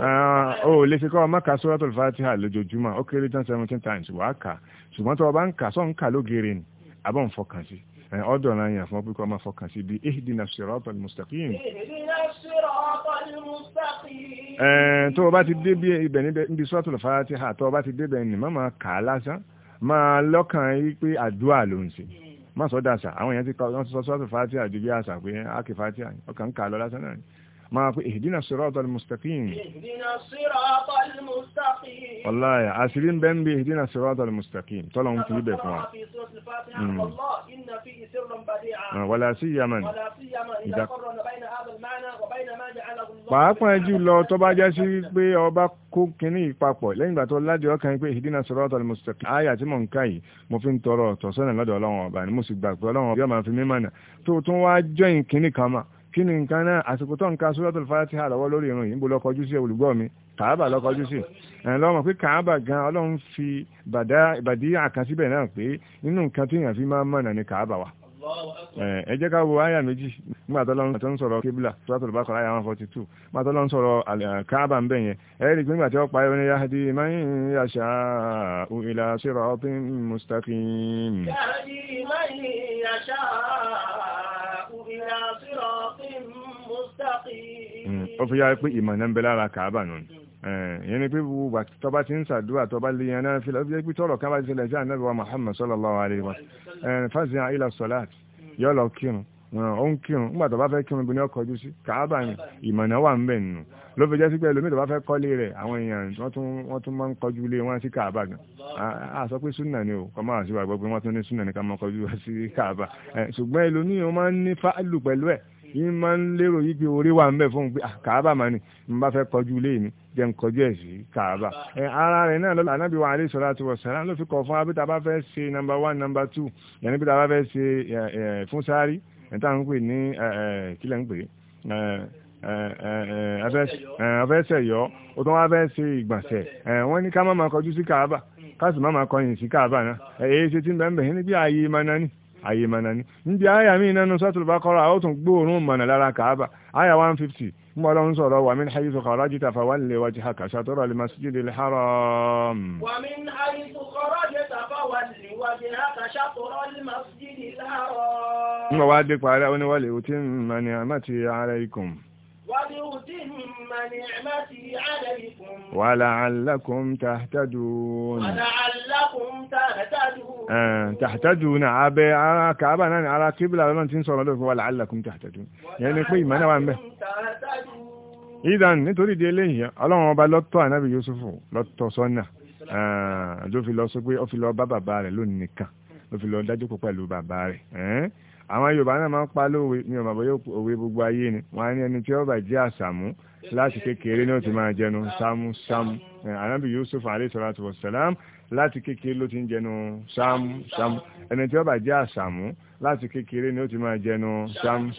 ó ah, lè fi kọ́ ọmọ ka suratul fatiha lójoojúmọ́ ó kéré tán seventeen times wàá kà ṣùgbọ́n tó o bá ń kà sọ̀ ń kà lógeere ni àbọ̀ ń fọkàn sí ọ̀dọ̀ náà yàn fún pípọ́ máa fọkàn sí bí ihdina siratal mustaqim. tó o bá ti dé ibẹ̀ níbi suratul fatiha tó o bá ti dé ibẹ̀ ni má máa kà á lásán máa lọ́kàn yí pé àdúrà ló ń ṣe má sọ dàṣà àwọn èèyàn ti sọ suratul fatiha ju bí àṣà pé ákè fatiha ọkàn ń kà á lọ lásán náà máa pé ihdina siratal mustaqim wallahi àṣírí ń bẹ́ ń bí ihdina siratal mustaqim tọ́lọ̀ ń fi ibẹ̀ fún wa hmm. ah, wala siyaman pàápàá jùlọ tó bá jẹ́ sí pé ọba kó kínní ìpapọ̀ lẹ́yìn ìgbà tó ládì ọkàn pé ihdina siratal mustaqim àyà tí mò ń ká yìí mo fi ń tọrọ ọ̀tọ̀sọ́nà lọ́dọ̀ ọlọ́run ọba ni mo sì gbà pé ọlọ́run ọba yóò máa fi mímọ̀nà tó tún wá jọ́yìn kínní kan máa kí ni nǹkan náà àsìkò tó ń ka suratul Fatiha lọ́wọ́ lórí irun yìí ń bo lọ́kọjú sí olùgbọ́ mi kàábà lọ́kọjú sí ẹ̀ lọ́mọ pé kàábà gan ọlọ́run fi bàdí àkàsíbẹ̀ náà pé nínú nǹkan tí èèyàn fi máa mọ̀nà ni kàábà wa ẹ jẹ́ ká wo àyà méjì nígbà tó lọ́n tó ń sọ̀rọ̀ kébìlà suratul Baqara àyà one forty two nígbà tó lọ́n sọ̀rọ̀ káàbà ń bẹ̀ yẹn ẹ man yasha'u ila siratin ó fi yára pé ìmọ̀ náà ń bẹ lára kàábà nù ìyẹn ni pé gbogbo tọba ti ń sàdúrà tọba lè yan náà fi lọ pé tọrọ kan bá ti ṣẹlẹ̀ sí ànábì wa Muhammad sallallahu alaihi wa fásitì ila salat yọ lọ kírun ó ń kírun nígbà tó bá fẹ́ kírun ibi ní ọkọ̀jú sí kàábà ni ìmọ̀nà wà ń bẹ̀ nù ló fi jẹ́ sí pé ẹlòmíì tó bá fẹ́ kọ́lé rẹ̀ àwọn èèyàn wọ́n tún máa ń kọjú ilé wọn sí kàábà gan a sọ pé súnà ni o kọ́ máa sí wàgbọ́ pé wọ́n tún ní súnà ni ká máa kọjú sí kàábà ṣùgbọ́n ẹlòmíì wọ́n máa ń ní fáàlù pẹ̀lú ẹ̀ yín máa ń lérò yí pé orí wà ń bẹ̀ fún un pé ah, kàábà máa ní n bá fẹ́ kọjú ilé mi jẹ́ n kọjú ẹ̀ sí kàábà ẹ ara rẹ̀ náà lọ́la anábì wa alẹ́ sọ̀rọ̀ àti wọ̀sán ló fi kọ̀ fún abẹ́ta bá fẹ́ ṣe nọmba one nọmba two yẹn níbi tá a bá fẹ́ ṣe fún sáárì níta ń pè ní kílẹ̀ ń pè afẹ́sẹ̀ yọ ó tún wá fẹ́ ṣe ìgbọ̀nsẹ̀ wọ́n ní ká má máa kọjú sí kàábà ká sì má máa kọyìn sí kàábà náà èyí ṣe ti ń bẹ́ẹ̀ bẹ́ẹ̀ níbi ààyè ìmọ̀ náà ni ayé mọ̀nà ni níbi àyà mí nínú sọ́tùlù bá kọ́ra àwọn tún gbóòórùn mọ̀nà lára kàábà àyà 150 ń bọ́ lọ́n sọ̀rọ̀ wà mí ní haythu kharajta fawalli wajhaka shatral masjidil haram. wà mí ní haythu kharajta fawalli wajhaka shatral masjidil haram. ń bọ̀ wá dé parí ó ní wal utimma ni'mati alaykum. وليتم نعمتي عليكم ولعلكم تهتدون ولعلكم تهتدون آه. تهتدون عبي كعبة على قبلة لن تنسوا لكم ولعلكم تهتدون يعني كوي ما نوان به إذا nítorí di eléyìí ọlọ́run ọba lọ́tọ̀ ànábì Yusufu lọ́tọ̀ sọ́nà ló fi lọ sọ pé ó fi lọ bá bàbá rẹ̀ lónìí nìkan ló fi lọ dájú pọ̀ pẹ̀lú bàbá rẹ̀ àwọn yorùbá náà máa ń pa lóòwe ní ọmọ àbọ̀yọ́ òwe gbogbo ayé ni wọ́n á ní ẹni tí ó bá jẹ́ àṣàmú láti kékeré náà ti máa jẹnu sámú sámú anábì yusuf alayhi salatu wassalam láti kékeré ló ti ń jẹnu sámú sámú ẹni tí ó bá jẹ́ àṣàmú láti kékeré ni ó ti máa jẹnu sámú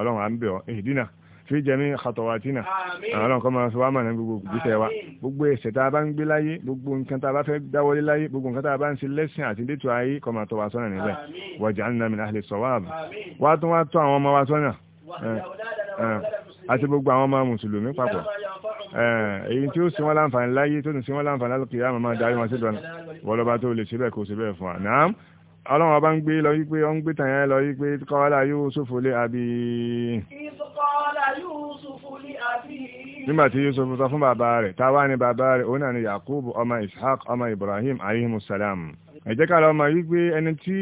ọlọ́run à ń bẹ̀ ọ́ ìdínà fi jami khatawatina ọlọ́run kọ́ máa fi wá mọ̀nà gbogbo gbèsè wa gbogbo ẹ̀ṣẹ̀ tá a bá ń gbé láyé gbogbo nǹkan tá a bá fẹ́ dáwọ́lé láyé gbogbo nǹkan tá a bá ń ṣe lẹ́sìn àti dẹ́tù ayé kọ́ máa tọ́ wa sọ́nà níbẹ̀ waj'alna min ahli sawab wá tún wá tọ́ àwọn ọmọ wa sọ́nà àti gbogbo àwọn ọmọ mùsùlùmí papọ̀ èyí tí ó sin wọn láǹfààní láyé tó ní láǹfààní lálùkì yá màmá darí wọn sí lọ́nà wọlọ́ba tó lè ṣe bẹ́ẹ̀ kó ṣe bẹ́ẹ̀ fún wa náà ọlọ́run ọba ń gbé lọ yí pé ọ ń gbé tàn yẹn lọ yí pé kọ́wálà yóò ṣòfò lé àbí nígbà tí Yusuf sọ fún bàbá rẹ̀ táwa ni bàbá rẹ̀ òun náà ni Yakubu ọmọ Ishaq ọmọ Ibrahim alayhimusalam ẹ jẹ́ ká lọ mọ̀ wípé ẹni tí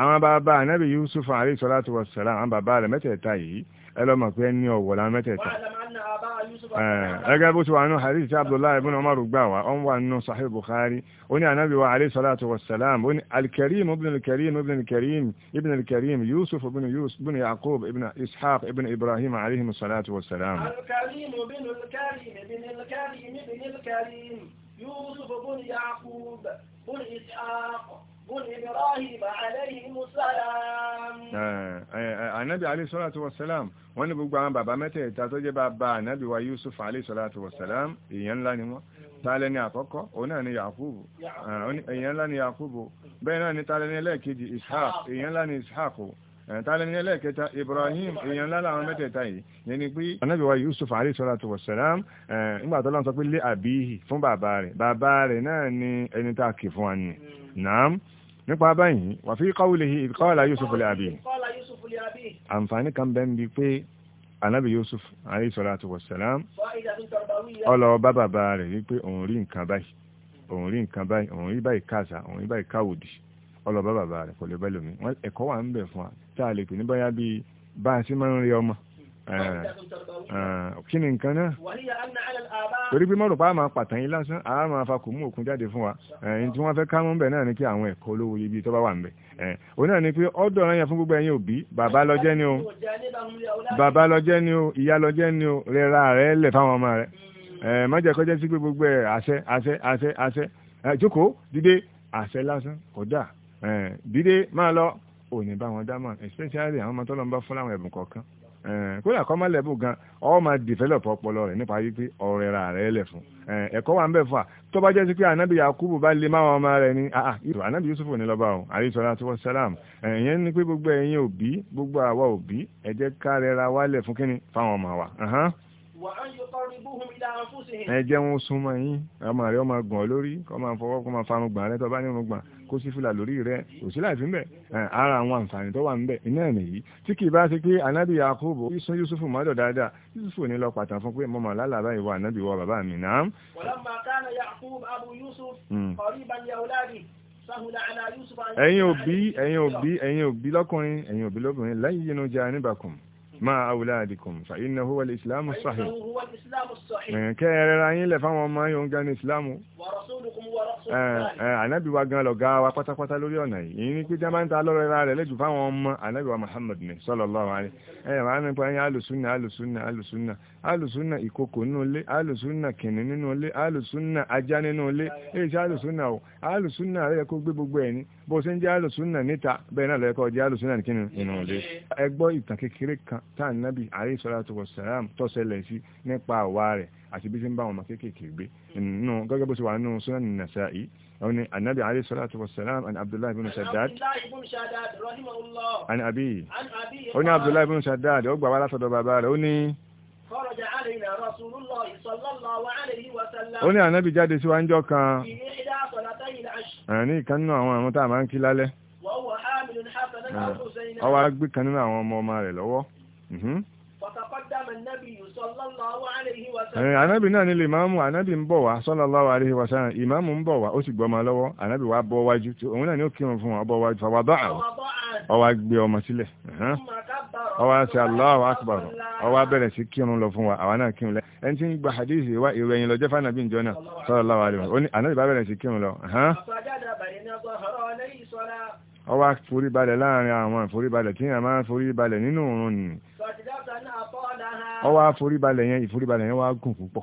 àwọn bàbá anábì Yusuf alayhisalatu wasalam àwọn bàbá rẹ̀ mẹ́tẹ̀ẹ̀ta yìí ما ألم أتني أول ما تأتي أجابوا عنه حديث عبد الله بن عمر رباوة أنه صحيح البخاري وني النبي عليه الصلاة والسلام الكريم ابن الكريم ابن الكريم ابن الكريم يوسف ابن يوسف ابن يعقوب ابن إسحاق ابن إبراهيم عليهم الصلاة والسلام الكريم ابن الكريم ابن الكريم ابن الكريم يوسف ابن يعقوب ابن إسحاق Ànábì Alé Sọ́látù Wọ̀sálàm, wọ́n ní gbogbo àwọn bàbá mẹ́tẹ̀ẹ̀ta tó jẹ́ bàbá Ànábì wa Yusuf Alé Sọ́látù Wọ̀sálàm, èèyàn ńlá ni wọ́n. Tààlẹ́ ni àkọ́kọ́, òun náà ni Yakubu, èèyàn ńlá ni Yakubu, bẹ́ẹ̀ náà ni tààlẹ́ ni ẹlẹ́ẹ̀kejì Ishaq, èèyàn ńlá ni Ishaq tààlẹ̀ ní ẹlẹ́ẹ̀kẹta Ibrahim èèyàn ńlá làwọn mẹ́tẹ̀ẹ̀ta yìí nípa báyìí wà fi qawlihi idh qala Yusuf li abihi àǹfààní kan bẹ́ẹ̀ bí pé anábì Yusuf alayhi salatu wassalam ọlọ bá bàbá rẹ̀ wípé òun rí nǹkan báyìí òun rí nǹkan báyìí òun rí báyìí káàsà òun rí báyìí káwòdì ọlọ bá bàbá rẹ̀ kò lè ẹ̀kọ́ wà ń bẹ̀ fún wa tá a lè pè ní báyà bíi bá a sì máa ń rí ọmọ Eh, eh, eh, kí ni nǹkan náà torí pé mọ́rùn-ún pa máa pàtàn yín lásán a máa fa kò mú òkun jáde fún wa ẹ̀yìn tí wọ́n fẹ́ ká mọ́ ń bẹ̀ náà ni kí àwọn ẹ̀kọ́ olówó ibi tó bá wà ń bẹ̀ òun náà ni pé ọ̀dọ̀ ọ̀ranyàn fún gbogbo ẹ̀yin òbí bàbá lọ́jẹ́ ni o bàbá lọ́jẹ́ ni o ìyá lọ́jẹ́ ni o rẹra rẹ lẹ̀ fáwọn ọmọ rẹ ẹ̀ kọjá sí pé gbogbo àṣẹ àṣẹ àṣẹ àṣẹ jókòó dídé àṣẹ lásán kódà dídé máa lọ òní bá wọn dá mọ́ especially àwọn ọmọ tó lọ ń bá fún láwọn ẹ̀bùn kọ̀ọ̀kan Eh, kódà kọ́ má lẹ́bù gan ọ máa develop ọpọlọ rẹ̀ nípa wípé ọ̀rẹ́ ra rẹ̀ lẹ̀ fún eh, ẹ̀kọ́ wa ń bẹ̀ fà tó bá jẹ́ sí pé anabi yakubu bá lè máwọn ọmọ rẹ̀ ah, ah, ní ah ìrọ̀ anabi yusufu ní lọ́ba o àríṣọ́lá tí wọ́n sálàm ìyẹn ni pé gbogbo ẹ̀yin òbí gbogbo àwa òbí ẹ jẹ́ ká rẹ̀ ra wálẹ̀ fún kíni fáwọn ọmọ wa ẹ jẹ́ wọn súnmọ́ yín àmọ́ rẹ̀ ọmọ gbọ̀n lórí kọ́ máa fọwọ́ kọ́ máa farun gbọ̀n rẹ̀ tó bá ní irun gbọ̀n kó sí fìlà lórí rẹ̀ kò sí láì fi ń bẹ̀ ara àwọn àǹfààní tó wà ń bẹ̀ iná nìyí tí kì í bá ṣe pé anábì Yakubu sún Yusufu mọ́dọ̀ dáadáa Yusufu ní lọ pàtàkì fún pé mọ́mọ́ lálàbá ìwọ anábì wọ bàbá mi náà. wàlámà kánà Yakub abu Yusuf hmm. qariban li ẹ̀yin òbí ẹ̀yin òbí ẹ̀yin òbí lọ́kùnrin ẹ̀yin òbí lọ́kùnrin lẹ́yìn inú jẹ́ máa àwùláàdìkùn fàínà huwa ìsìlámù sahih kẹ́ẹ̀rẹ́ra yín lẹ̀ fáwọn ọmọ yóò ń gan ní ìsìlámù ànábì wa gan lọ gáwa pátápátá lórí ọ̀nà yìí ní pé jábá ń ta lọ́rọ̀ ra rẹ̀ lẹ́jù fáwọn ọmọ ànábì wa Muhammad ní sallallahu alaihi ẹ̀yà wà nípa yín alùsúnà alùsúnà alùsúnà alùsúnà ìkòkò nínú ilé alùsúnà kìnnì nínú ilé alùsúnà ajá nínú ilé èyí sí alùsúnà o alùsúnà rẹ̀ kó gbé gbogbo ẹ̀ ní bó ṣe ń jẹ́ alùsùnà níta bẹ́ẹ̀ náà lọ́yẹ́kọ́ jẹ́ alùsùnà ní kínú inú ilé ẹ ìtàn kékeré kan tá à nábì alayhi salatu wassalam tó ṣẹlẹ̀ sí nípa àwa rẹ̀ àti bí ṣe ń bá wọn kéékèèké gbé nínú gẹ́gẹ́ bó ṣe wà nínú Sunan Nasa'i àwọn ni ànábì alayhi salatu wassalam àni Abdullahi ibn Shaddad àni Abi. ó ní Abdullahi ibn Shaddad ó gbà wá látọ̀dọ̀ bàbá rẹ̀ ó ní ó ní ànábì jáde sí wáńjọ́ kan ní ìkan nínú àwọn àwọn tá a máa ń kí lálẹ́ ọwọ́ agbé kan nínú àwọn ọmọ ọmọ rẹ̀ lọ́wọ́ mhm. anabi eh, náà nílé ìmáàmù ànábì ń bọ̀ wá sallallahu alaihi wa sallam ìmáàmù ń bọ̀ wá ó sì gbọ́mọ lọ́wọ́ ànábì wá bọ́ wájú òun náà ni ó kírun fún ọbọ̀ wájú fàwádọ́ àwọn ọwá gbé ọmọ sí kírun lọ fún wa àwa náà kírun lẹ́ ẹni tí ń gba hadithi wa ìròyìn lọ jẹ́ fànàbí ìjọ náà sallallahu bá sí ó wá foríbalẹ̀ láàrin àwọn ìforíbalẹ̀ tí yàn máa ń foríbalẹ̀ nínú òun nì ó wá foríbalẹ̀ yẹn ìforíbalẹ̀ yẹn wá gùn púpọ̀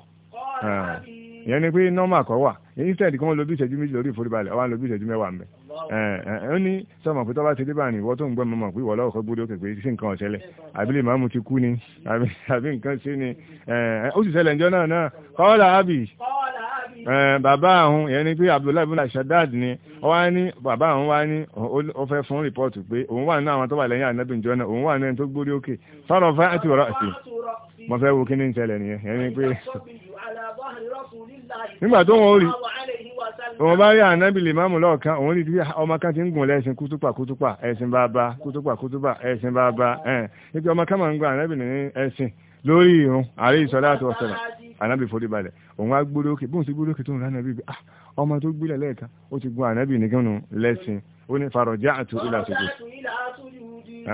ah. yẹn ni pé nọ́mà kọ́ wà instead kan lo bí ìṣẹ́jú méjì lórí ìforíbalẹ̀ ó wá lo bí ìṣẹ́jú mẹ́wàá mẹ́ eh, eh, ó ní sọmọ pé tọ́ba ti dé báyìí ìwọ tó ń gbọ́ mọ́mọ́ pé ìwọ lọ́wọ́ kọ́ gbódé òkè pé sí nǹkan ọ̀ṣẹlẹ̀ àbílẹ̀ màmú ti kú ni àbí nǹkan sí ni eh, ó sì ṣẹlẹ̀ ǹjọ́ náà náà kọ́ọ́lá àbí bàbá àwọn ìyẹn ni pé Abdullahi ibn Shaddad ni wá ní bàbá àwọn wá ní ó fẹ́ fún rìpọ́ọ̀tù pé òun wà nínú àwọn tó wà lẹ́yìn ànábì ìjọ náà òun wà nínú tó gbórí òkè fọ́rọ̀ fẹ́ àti ọ̀rọ̀ àti mo fẹ́ wo kí ní ń ṣẹlẹ̀ nìyẹn ìyẹn ni pé nígbà tó wọn ò rí òun bá rí ànábì lè máàmù lọ́ọ̀kan òun rí bí ọmọ kan ti ń gùn lẹ́sìn kútúpà kútúpà ẹ̀sìn bàbá kútúpà kútúpà ẹ̀sìn bàbá ẹ̀ ẹ̀ pé ọmọ kan máa ń gba ànábì ní ẹ̀sìn lórí irun àrí ìsọláàtọ̀ ọ̀sẹ̀lá ànábì forí balẹ̀ òun wá gbódó òkè bóun ti gbódó òkè tó ń rán ànábì ah ọmọ tó gbílẹ̀ lẹ́ẹ̀ka ó ti gun ànábì nìkanu lẹ́sìn ó ní farọjá àti ìlà sókè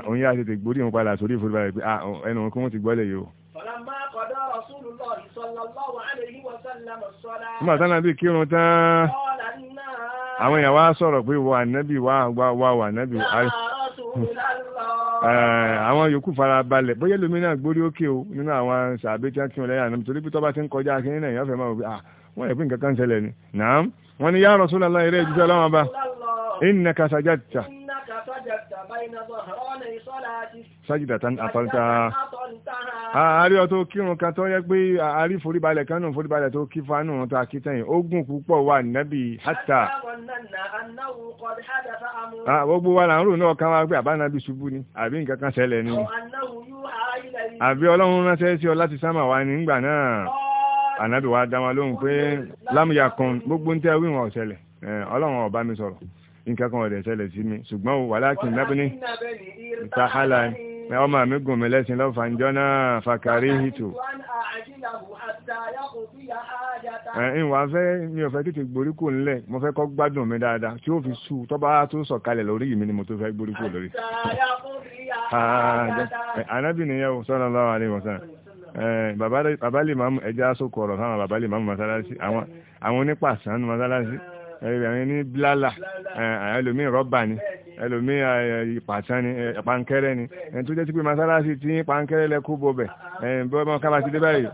òun yá tètè gbórí òun padà sórí forí balẹ̀ pé ah ẹnu òun kí wọ́n ti gbọ́lẹ̀ yìí o. nígbà tí ànábì kírun tán àwọn èèyàn wá sọ̀rọ̀ pé wà ànábì wà wà wà ànábì. Eh, àwọn yòókù fara balẹ̀ bóyá lómi náà gbórí òkè o nínú àwọn sàbẹ̀ tí wọ́n kí lẹ́yìn àná torí pé tọ́ba ti ń kọjá akínrin náà èèyàn máa wò pé ah, wọ́n yẹ pé nǹkan kan ṣẹlẹ̀ ni. wọ́n ní ya Rasulullah eré ìjíṣẹ́ ọlọ́wọ́n bá innaka sajadta sájìdà tán àtọ́ntà àárí ọtọ́ kírun kan tó yẹ pé àárí foríbalẹ̀ kan náà foríbalẹ̀ tó kí fanú ta kí tẹ́yìn ogun púpọ̀ wà nẹ́bí hátà gbogbo wa là ń rò náà kan wá pé àbánabi ṣubú ni àbí nǹkan kan ṣẹlẹ̀ ni àbí ọlọ́run ránṣẹ́ sí ọ láti sámà wá nígbà náà ànábì wa dá wa lóhùn pé lámùyà kan gbogbo ń tẹ́ wíwọ̀n ọ̀ṣẹlẹ̀ ọlọ́run ọba mi sọ̀rọ̀ nǹkan kan ọ̀dẹ̀ ṣẹlẹ̀ sí mi ṣùgbọ́n wàláàkì lábíní ìtàhálà ọmọ mi gùn mí lẹ́sìn lọ́fàájọ́ náà fàkàrí hìtò ìwà fẹ́ mi ò fẹ́ tètè gboríkò ńlẹ̀ mo fẹ́ kọ́ gbádùn mi dáadáa tí ó fi sú tó bá tó sọ̀kalẹ̀ lórí mi ni mo tó fẹ́ gboríkò lórí anábìnrin yẹn sallallahu alaihi wasallam bàbá lè máa mú ẹja sókò ọ̀rọ̀ fáwọn bàbá lè máa mú mọ́sálásí àwọn onípàṣán mọ́sálásí ẹ̀rìn ní bílálà ẹlòmíì rọ́bà ni ẹlòmíì ìpàṣán ni pàǹkẹ́rẹ́ ni ẹni tó jẹ́ sí pé masalasi tí pàǹkẹ́rẹ́ lẹ kó bọ̀bẹ̀ bọ́ọ̀mọ́ kábà ti dé báyìí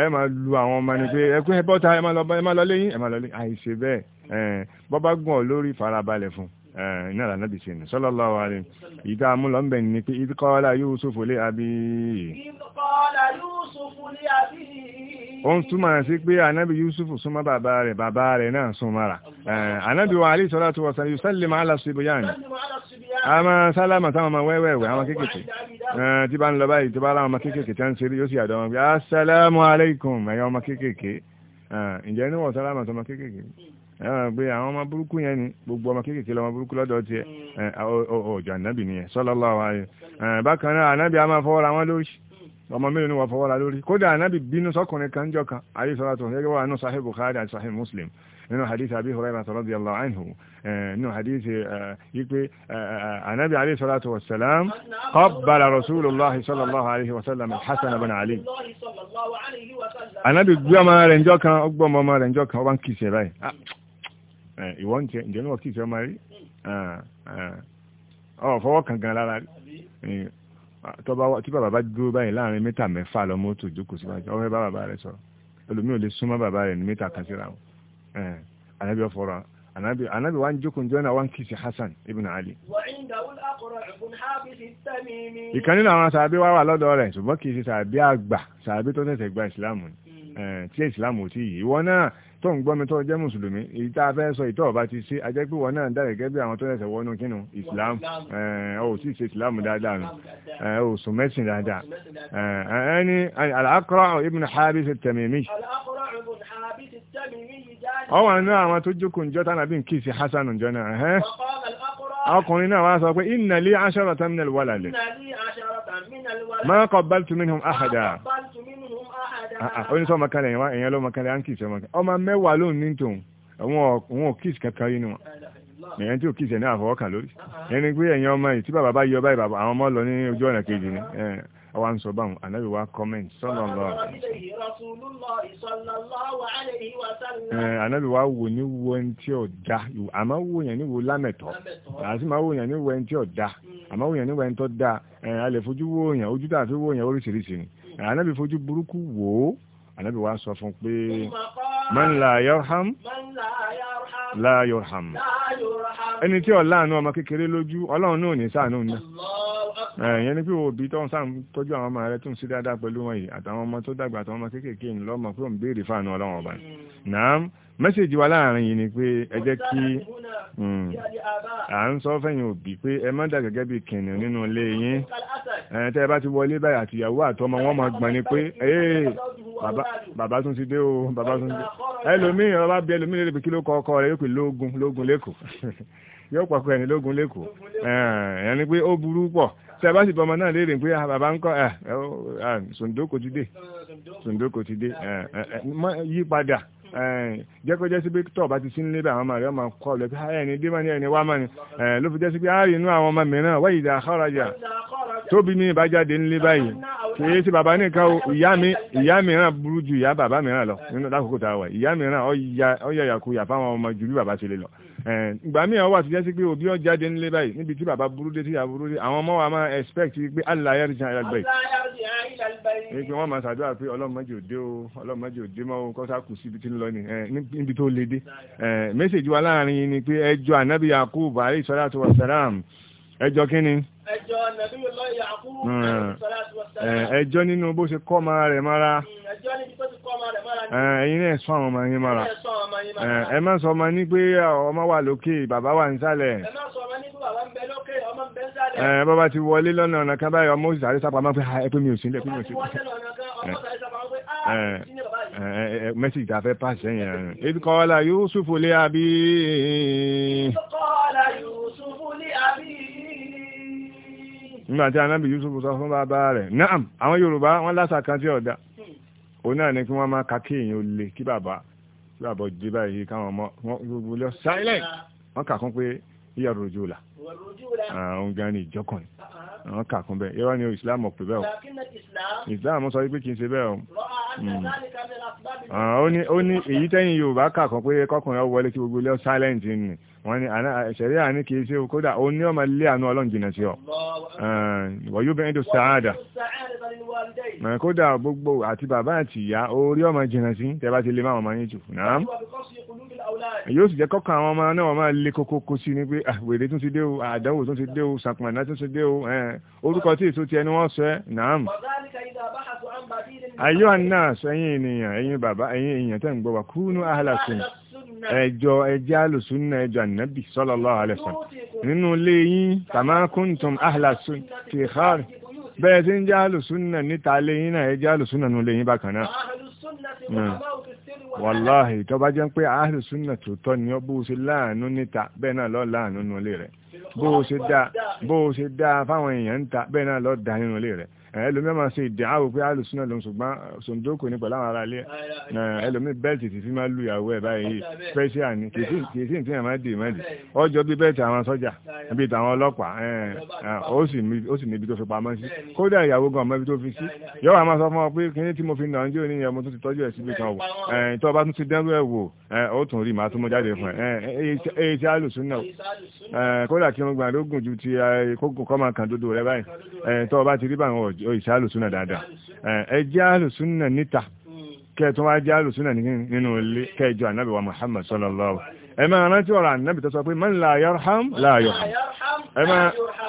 ẹ máa lu àwọn ọmọ ni pé ẹkún ẹ bọ́ta ẹ máa lọ lẹ́yìn ẹ máa lọ lẹ́yìn àìṣe bẹ́ẹ̀ bọ́ bá gùn ọ lórí farabalẹ̀ fún un Eh, iná ànábì ṣe ni sallallahu alaihi ìdá amúlọ ń bẹ̀ ni pé idh qala Yusufu li abihi ó ń túmọ̀ sí pé ànábì Yusufu súnmọ́ bàbá rẹ̀ bàbá rẹ̀ náà súnmọ́ra eh, ànábì wa alaihi salatu wa sallam yusallimu ala sibyan àmà sálámà táwọn ọmọ wẹ́wẹ́wẹ́ àwọn kéèkèé eh, tí bá ń lọ báyìí tó bá láwọn ọmọ kéèkèé tí a ń ṣe rí yóò sì àdọ́ assalamu alaikum ẹ̀yọ́ ọmọ kéèkèé ǹjẹ́ níwọ̀n sálámà tó ọmọ kéèkèé pé àwọn ọmọ burúkú yẹn ni gbogbo ọmọ kéékèèké lọmọ burúkú lọ́dọ̀ tiẹ̀ mm. ọjọ́ ànábì nìyẹn sallallahu alaihi bákan náà ànábì a máa fọwọ́ra wọn lórí mm. ọmọ mélòó ni wọ́n fọwọ́ra lórí kódà ànábì bínú sọkùnrin kan jọ kan ayé sọ́lá tó ń gẹ́gẹ́ wà nù sahih bukhari àti sahih muslim nínú hadith abi hurairah radiyallahu anhu nínú hadith wípé anabi alayhi salatu wa salam qabbala rasulullah sallallahu alayhi wa sallam hasan ibn ali anabi gbé ọmọ rẹ̀ njọ́ kan ó ọmọ rẹ̀ njọ́ kan ó Eh, ìwọ ń tiẹ̀ ǹjẹ́ ní wọ́n kì í ṣe ọmọ rí ah, ah. ọ̀ fọwọ́ kankan lára rí eh, tí bàbá bá dúró báyìí láàrin mítà mẹ́fà lọ mọ́tò jókòó síwájú ọmọ bá bàbá rẹ̀ sọ̀rọ̀ olùmí ò lè súnmọ́ bàbá rẹ̀ ní mítà kan síra wọn anabi eh, ọ̀fọ̀rọ̀ anabi wa ń jókòó njọ́ náà wa ń kìsì Hasan ibn Ali. ìkan nínú àwọn sàbí wa wà lọ́dọ̀ rẹ̀ ṣùgbọ́n kìsì sàbí àgbà sàbí tó tẹ̀sẹ̀ gba ìsìlámù hmm. tí ìsìlámù ò tí yìí wọn náà tó ń gbọ́mi tó jẹ́ mùsùlùmí èyí tá a fẹ́ sọ ìtọ́ ọba ti ṣe ajẹ́ pé wọn náà dá gẹ́gẹ́ bí àwọn tó lẹ́sẹ̀ wọnú kínú islam ọ ò sì ṣe islam dáadáa nù ọ ò sùn mẹ́sìn dáadáa ẹni al-Aqra' ibn Habis at-Tamimi ọ wà nínú àwọn tó jókòó njọ́ tánàbí ń kí sí hasan njọ́ náà ọkùnrin náà wá sọ pé inna li 'asharatan min al-walad oníṣọ́ ọmọkalẹ̀ èèyàn èèyàn ló ọmọkalẹ̀ á ń kìsì ọmọkalẹ̀ ọmọ mẹ́wàá ló ní tòun òun ò kìsì kankan nínú wọn èèyàn tí ò kìsì ẹ̀ ní àfọwọ́kà lórí ah, ah. ẹni pé èèyàn ọmọ yìí tí bàbá bá yọ báyìí bàbá àwọn ọmọ lọ ní ojú ọ̀nà kejì ni àwa ń sọ báwọn ànábì wa comment sọ́nà lọ. ànábì wa wò ní wo ẹni tí ò da àmọ́ wò yẹn ní wo lámẹ̀tọ́ àti máa wò yẹn ní wo ẹni tí ò da àmọ́ wò yẹn ní wo ẹni tó da a lè fojú wò yẹn ojú tàbí wò yẹn oríṣiríṣi ni ànábì fojú burúkú wo, ó ànábì wá sọ fún pé man la yorham, la yorham. ẹni tí ọ̀láàánú ọmọ kékeré lójú ọlọ́run náà ní sáànú náà ẹ̀yẹn ni pé òbí tó ń sáà tọ́jú àwọn ọmọ rẹ̀ tó ń sí dáadáa pẹ̀lú wọn yìí àtàwọn ọmọ tó dàgbà àtàwọn ọmọ kéékèèké ń lọ́mọ pé òun béèrè fáànù ọlọ́run ọba mm. náà mẹ́sẹ̀jì wa láàrin yìí ni pé ẹ jẹ́ kí hmm, à ń sọ fẹ́yìn òbí pé ẹ má dà gẹ́gẹ́ bí kìnìún nínú ilé yín ẹ̀yìn tẹ́ ẹ bá ti wọlé báyìí àti ìyàwó àtọmọ wọn máa gbọ́n ni pé ee bàbá tún ti dé o bàbá tún ti dé ẹlòmíì ọba bí ẹlòmíì lè kí ló kọ ọkọ rẹ yóò pè lóògùn lóògùn lẹ́kọ̀ọ́ yóò pàkó ẹni lóògùn lẹ́kọ̀ọ́ ẹ̀yìn ni pé ó burú pọ̀ tẹ́ bá sì bọ́ ọmọ náà léèrè pé ah, bàbá ń kọ́ ah, ẹ̀ ah, sòǹdókò ti dé sòǹdókò ti dé yípadà jẹ́kọ́jẹ́ eh, sí pé tọ́ bá ti sí nílé àwọn màrí ọmọ kọ́ ọ̀lẹ́ pé ah, ẹni dé mọ́ni ẹni wá mọ́ni eh, ló fi jẹ́ sí pé a ah, rí inú àwọn ọmọ mìíràn wáyé ìdá àkọ́rajà tóbi ní ìbájáde nílé báyìí kìí sí bàbá nìkan o ìyá mi ìyá mìíràn burú ju ìyá bàbá mìíràn lọ nínú lákòókò tá a wà ìyá mìíràn ọ yà yàkuyà fáwọn ọmọ ju bí bàbá ṣe lè lọ Eh, ìgbà míì àwọn wà tó jẹ́ sí pé òbí ọ̀ jáde nílé báyìí níbi tí bàbá burú dé tí ìyá burú dé àwọn ọmọ wa máa expect pé aláyà rí jan ìlàgbẹ́ yìí pé wọ́n máa ṣàdúrà pé ọlọ́mọdé òde o ọlọ́mọdé òde mọ́ o kọ́sá kù síbi tí ń lọ eh, níbi tó le dé eh, mẹ́sẹ̀jì wa láàrin ni pé ẹjọ́ ànábì Yakub alayhi salatu wa salam ẹjọ́ kí ni ẹjọ́ ànábì Yakub alayhi hmm. salatu wa salam ẹjọ́ nínú bó ṣe kọ́ máa rẹ̀ mara hmm, ẹjọ́ níbi tó ẹ̀yin náà sọ àwọn ọmọ yín mọ́ra ẹ má sọ ọmọ ní pé ọmọ wà lókè bàbá wà nísàlẹ̀ ẹ bàbá ti wọlé lọ́nà ọ̀nà kan báyìí ọmọ òṣìṣàrí sápamọ́ pé ẹ pé mi ò sílẹ̀ pé mi ò sílẹ̀ mẹ́sì ìjà fẹ́ pàṣẹ yẹn ibi kọ́ọ́lá Yusuf lé àbí nígbàtí anábì Yusuf sọ fún bàbá rẹ̀ náà àwọn Yorùbá wọ́n lásà kan tí ọ̀dá òun náà ni kí wọ́n máa ka kí èèyàn ó le kí bàbá kí bàbá dé báyìí káwọn ọmọ wọn gbogbo lọ silent wọ́n kà kún pé yíyà rojú la àwọn gan ni ìjọkàn ni àwọn uh-huh. kà kún bẹ́ẹ̀ yẹ́wọ́n ni Islam ọ̀pẹ̀ bẹ́ẹ̀ o Islam sọ pé kì í ṣe bẹ́ẹ̀ o hmm. ah, ó ní èyí tẹ́yìn Yorùbá kà kún pé kọkùnrin ọ wọlé kí gbogbo lọ silent ni wọ́n ní ṣẹ̀rí àní kìí ṣe kódà ó ní ọmọ ilé àánú ọlọ́run jìnà sí ọ wọ́n yóò bẹ́ẹ̀ tó sàádà kódà gbogbo àti bàbá àti ìyá orí ọmọ jìnà sí tẹ́bá ti lè máa ọmọ yín jù náà yóò sì jẹ́ kọ́kàn àwọn ọmọ náà máa lè kókó kó sí ni pé ah, wèrè tún ti dé o àdánwò tún ti dé o sàpàná tún ti dé o orúkọ tí èso ti ẹni wọ́n sọ ẹ́ náà ayọ́ náà sọ ẹ̀yin ènìyàn ẹ̀yin bàbá ẹ̀yin èèyàn tẹ́ ń gbọ́ wa kúnú ahàlà sùn ẹjọ́ ẹjẹ́ alùsùnà ẹjọ́ ànábì sallallahu alaihi wasallam nínú ilé yín kama kuntum ahla ti khari bẹ́ẹ̀ tí ń jẹ́ alùsùnà níta ilé yín náà ẹjẹ́ alùsùnà nínú ilé yín bákan náà wàláhì tó bá jẹ́ pé ahlu sunna tòótọ́ ni ọ bó o ṣe láàánú níta bẹ́ẹ̀ náà lọ láàánú nínú ilé rẹ̀ bó o ṣe dáa fáwọn èèyàn níta bẹ́ẹ̀ náà lọ dáa nínú ilé rẹ̀ Eh, ẹlòmí máa ṣe ìdí àrò pé alùsùnà lòun ṣùgbọ́n sòǹdókò ní pẹ̀lú àwọn ará ilé eh, ẹlòmí bẹ́ẹ̀tì tí fi máa lu ìyàwó ẹ̀ báyìí pẹ́ṣíà ni kìí sí ìtìyàn máa dì máa dì ọjọ́ bí bẹ́ẹ̀tì àwọn sọ́jà bí tàwọn ọlọ́pàá eh, ó sì níbi tó fi pamọ́ sí kódà ìyàwó gan mọ́bi tó fi sí yọ́wọ́ máa sọ fún ọ pé kíní tí mo fi nà ń jó níyẹn mo tún ti tọ́jú ẹ̀ síbi kan wò tó bá tún ti dẹ́rù ẹ̀ wò ó tún rí màá tún mú jáde fún ẹ èyí tí alùsùnà kódà kí wọ́n gbà ju ti kókò kọ́ máa kàn dodo rẹ báyìí tó bá ti rí báwọn ọ̀j òyìṣẹ́ alùsúnà dáadáa ẹ jẹ́ alùsúnà níta hmm. kẹ́ẹ̀tún wá jẹ́ alùsúnà nínú ilé kẹjọ ànábì wa Muhammad sallallahu ẹ máa rántí ọ̀rọ̀ ànábì tó sọ pé man la yarham la yurham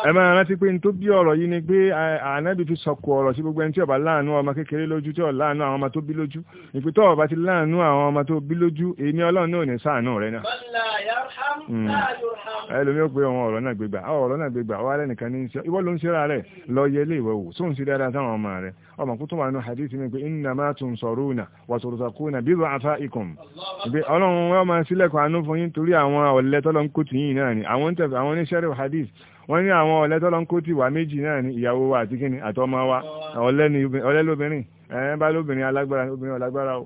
ẹ máa rántí pé tó bí ọ̀rọ̀ yìí ni pé ànábì fi sọkù ọ̀rọ̀ sí gbogbo ẹni tí ó bá láàánú ọmọ kékeré lójú tí ó láàánú àwọn ọmọ tó bí lójú ìpè tó bá ti láàánú àwọn ọmọ tó bí lójú èmi ọlọ́run náà ní ṣàánú rẹ náà. Hmm. ẹlòmí ó pé àwọn ọ̀rọ̀ náà gbégbà ọ̀rọ̀ náà gbégbà wà ọmọ kú tó wà nínú hadith mi pé innama tunsaruna wa turzaquna bi du'afaikum ìgbé ọlọ́run wọ́n máa sílẹ̀kùn àánú fún yín torí àwọn ọ̀lẹ́ tọ́lọ́ ń kó tì yín náà ni àwọn tẹ̀fẹ̀ àwọn oníṣẹ́rẹ̀ hadith wọ́n ní àwọn ọ̀lẹ́ tọ́lọ́ ń kó tì wá méjì náà ni ìyàwó wa àti kíni àtọmọ wa ọ̀lẹ́ lóbìnrin bá lóbìnrin alágbára obìnrin alágbára o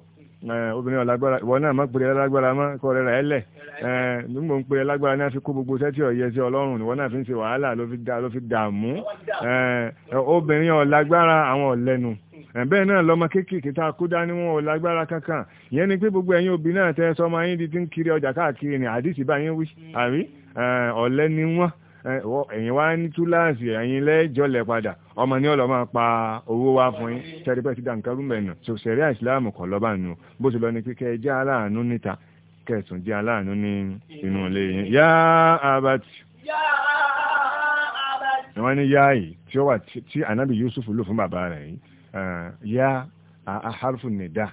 obìnrin ọ̀lágbára ìwọ náà má pèrè lágbára má kọ́ rẹ̀ rà ẹ́ lẹ̀ nígbà ń pèrè lágbára náà fi kó gbogbo sẹ́tì ọ̀yẹ́ sí ọlọ́run ìwọ náà fi ń ṣe wàhálà ló fi dààmú obìnrin ọ̀lágbára àwọn ọ̀lẹ́nu bẹ́ẹ̀ náà lọ́mọ kéékèèké tá a kó dání wọn ò kankan ìyẹn ni pé gbogbo ẹ̀yin obìnrin náà tẹ́ sọmọ yín di ti ń kiri ọjà káàkiri ni àdìsí bá wí àrí ọ̀lẹ ni ẹ̀yin wá ní túláàsì ẹ̀yin lẹ́jọ́lẹ̀ padà ọmọ ní ọlọ́mọ pa owó wá fún yín tẹ́rípẹ́ ti dànkà rúmẹ̀nà so sẹ̀rí àìsíláàmù kọ̀ lọ́bà nù bó ti lọ ní kíkẹ́ jẹ́ aláàánú níta kẹsùn jẹ́ aláàánú ní inú ilé yín yá abati wọ́n ní yá yìí tí ó wà tí anábì Yusuf lò fún bàbá rẹ̀ yìí yá aharfu nìdá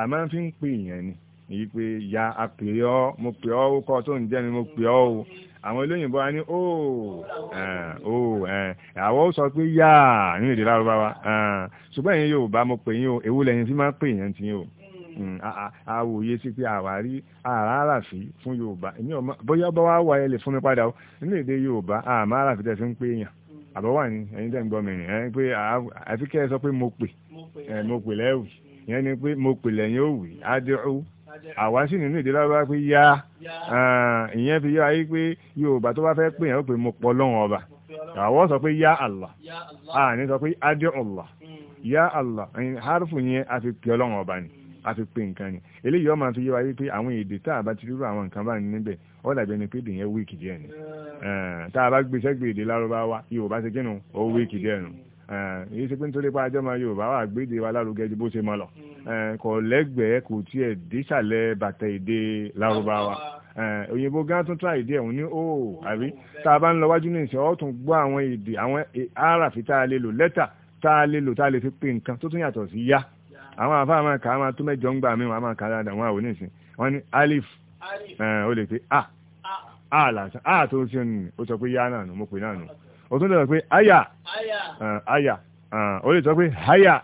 a máa fi ń pè yẹn ni èyí pé ya apè ọ́ mo pè ọ́ kọ́ tó ń jẹ́ ni mo pè ọ́ o àwọn olóyìnbó a ní ooo oh, eh, oh, eh. àwọ́ sọ pé yá ní èdè lárúbáwá eh, ṣùgbọ́n èyí yóò bá mọ́ pè yín o ewu lẹ́yìn tí máa pè yẹn ti yín o àwòye hmm, sí pé àwárí àràràfí fún Yorùbá bóyá bá wá wà ẹlẹ̀ fún mi padà o nínú èdè Yorùbá àmà àràfí tẹ́ fi ń pè yàn àbọ̀wà ní ẹ̀yin tẹ́ ń gbọ́ mi rìn ẹ́ pé àfikẹ́ sọ pé mo pè mo pè lẹ́wì ìyẹn ni pé mo pè lẹ́yìn òwì adéhùn àwa sì nínú èdè lábá pé yá ìyẹn fi yá ayé pé yorùbá tó bá fẹ́ pè yàn ó pè mo pọ̀ lọ́wọ́n ọba àwọ̀ sọ pé yá Allah àní sọ pé adé Allah hmm. yá Allah hárùfù yẹn a fi pè ọlọ́wọ́n ọba ni a fi pè nǹkan ni eléyìí ó máa fi yí pé àwọn èdè tá a bá ti rírọ àwọn nǹkan bá ní níbẹ̀ ó dàbí ẹni pé èdè yẹn wíìkì díẹ̀ ni tá a bá gbé sẹ́gbẹ̀ẹ́ èdè lárúbáwá yorùbá ti kínú ó wíìkì díẹ̀ nù èyí eh, ṣe pé nítorí pé ajọ́ máa Yorùbá wà gbéde wa lárugẹ ju bó ṣe mọ lọ eh, kò lẹ́gbẹ̀ẹ́ kò tiẹ̀ dísàlẹ̀ bàtà èdè lárúbáwá eh, òyìnbó gan tún tún àìdí ẹ̀hún ní óò oh, àbí tá a bá ń lọ wájú ní ìṣẹ́ ọ́ tún gbọ́ àwọn èdè àwọn àràfi tá a lè lò lẹ́tà tá a lè lò tá a lè fi pè nǹkan tó tún yàtọ̀ sí yá àwọn àfa máa kà máa tó mẹ́jọ ń gbà mí wọn máa kà dáadáa wọn àwọn oníṣẹ́ wọn ní alif ó lè pe a a lásán a tó ń ṣe ó sọ pé yá náà nù mo pè náà nù o tún lè sọ pé aya aya o lè sọ pé haya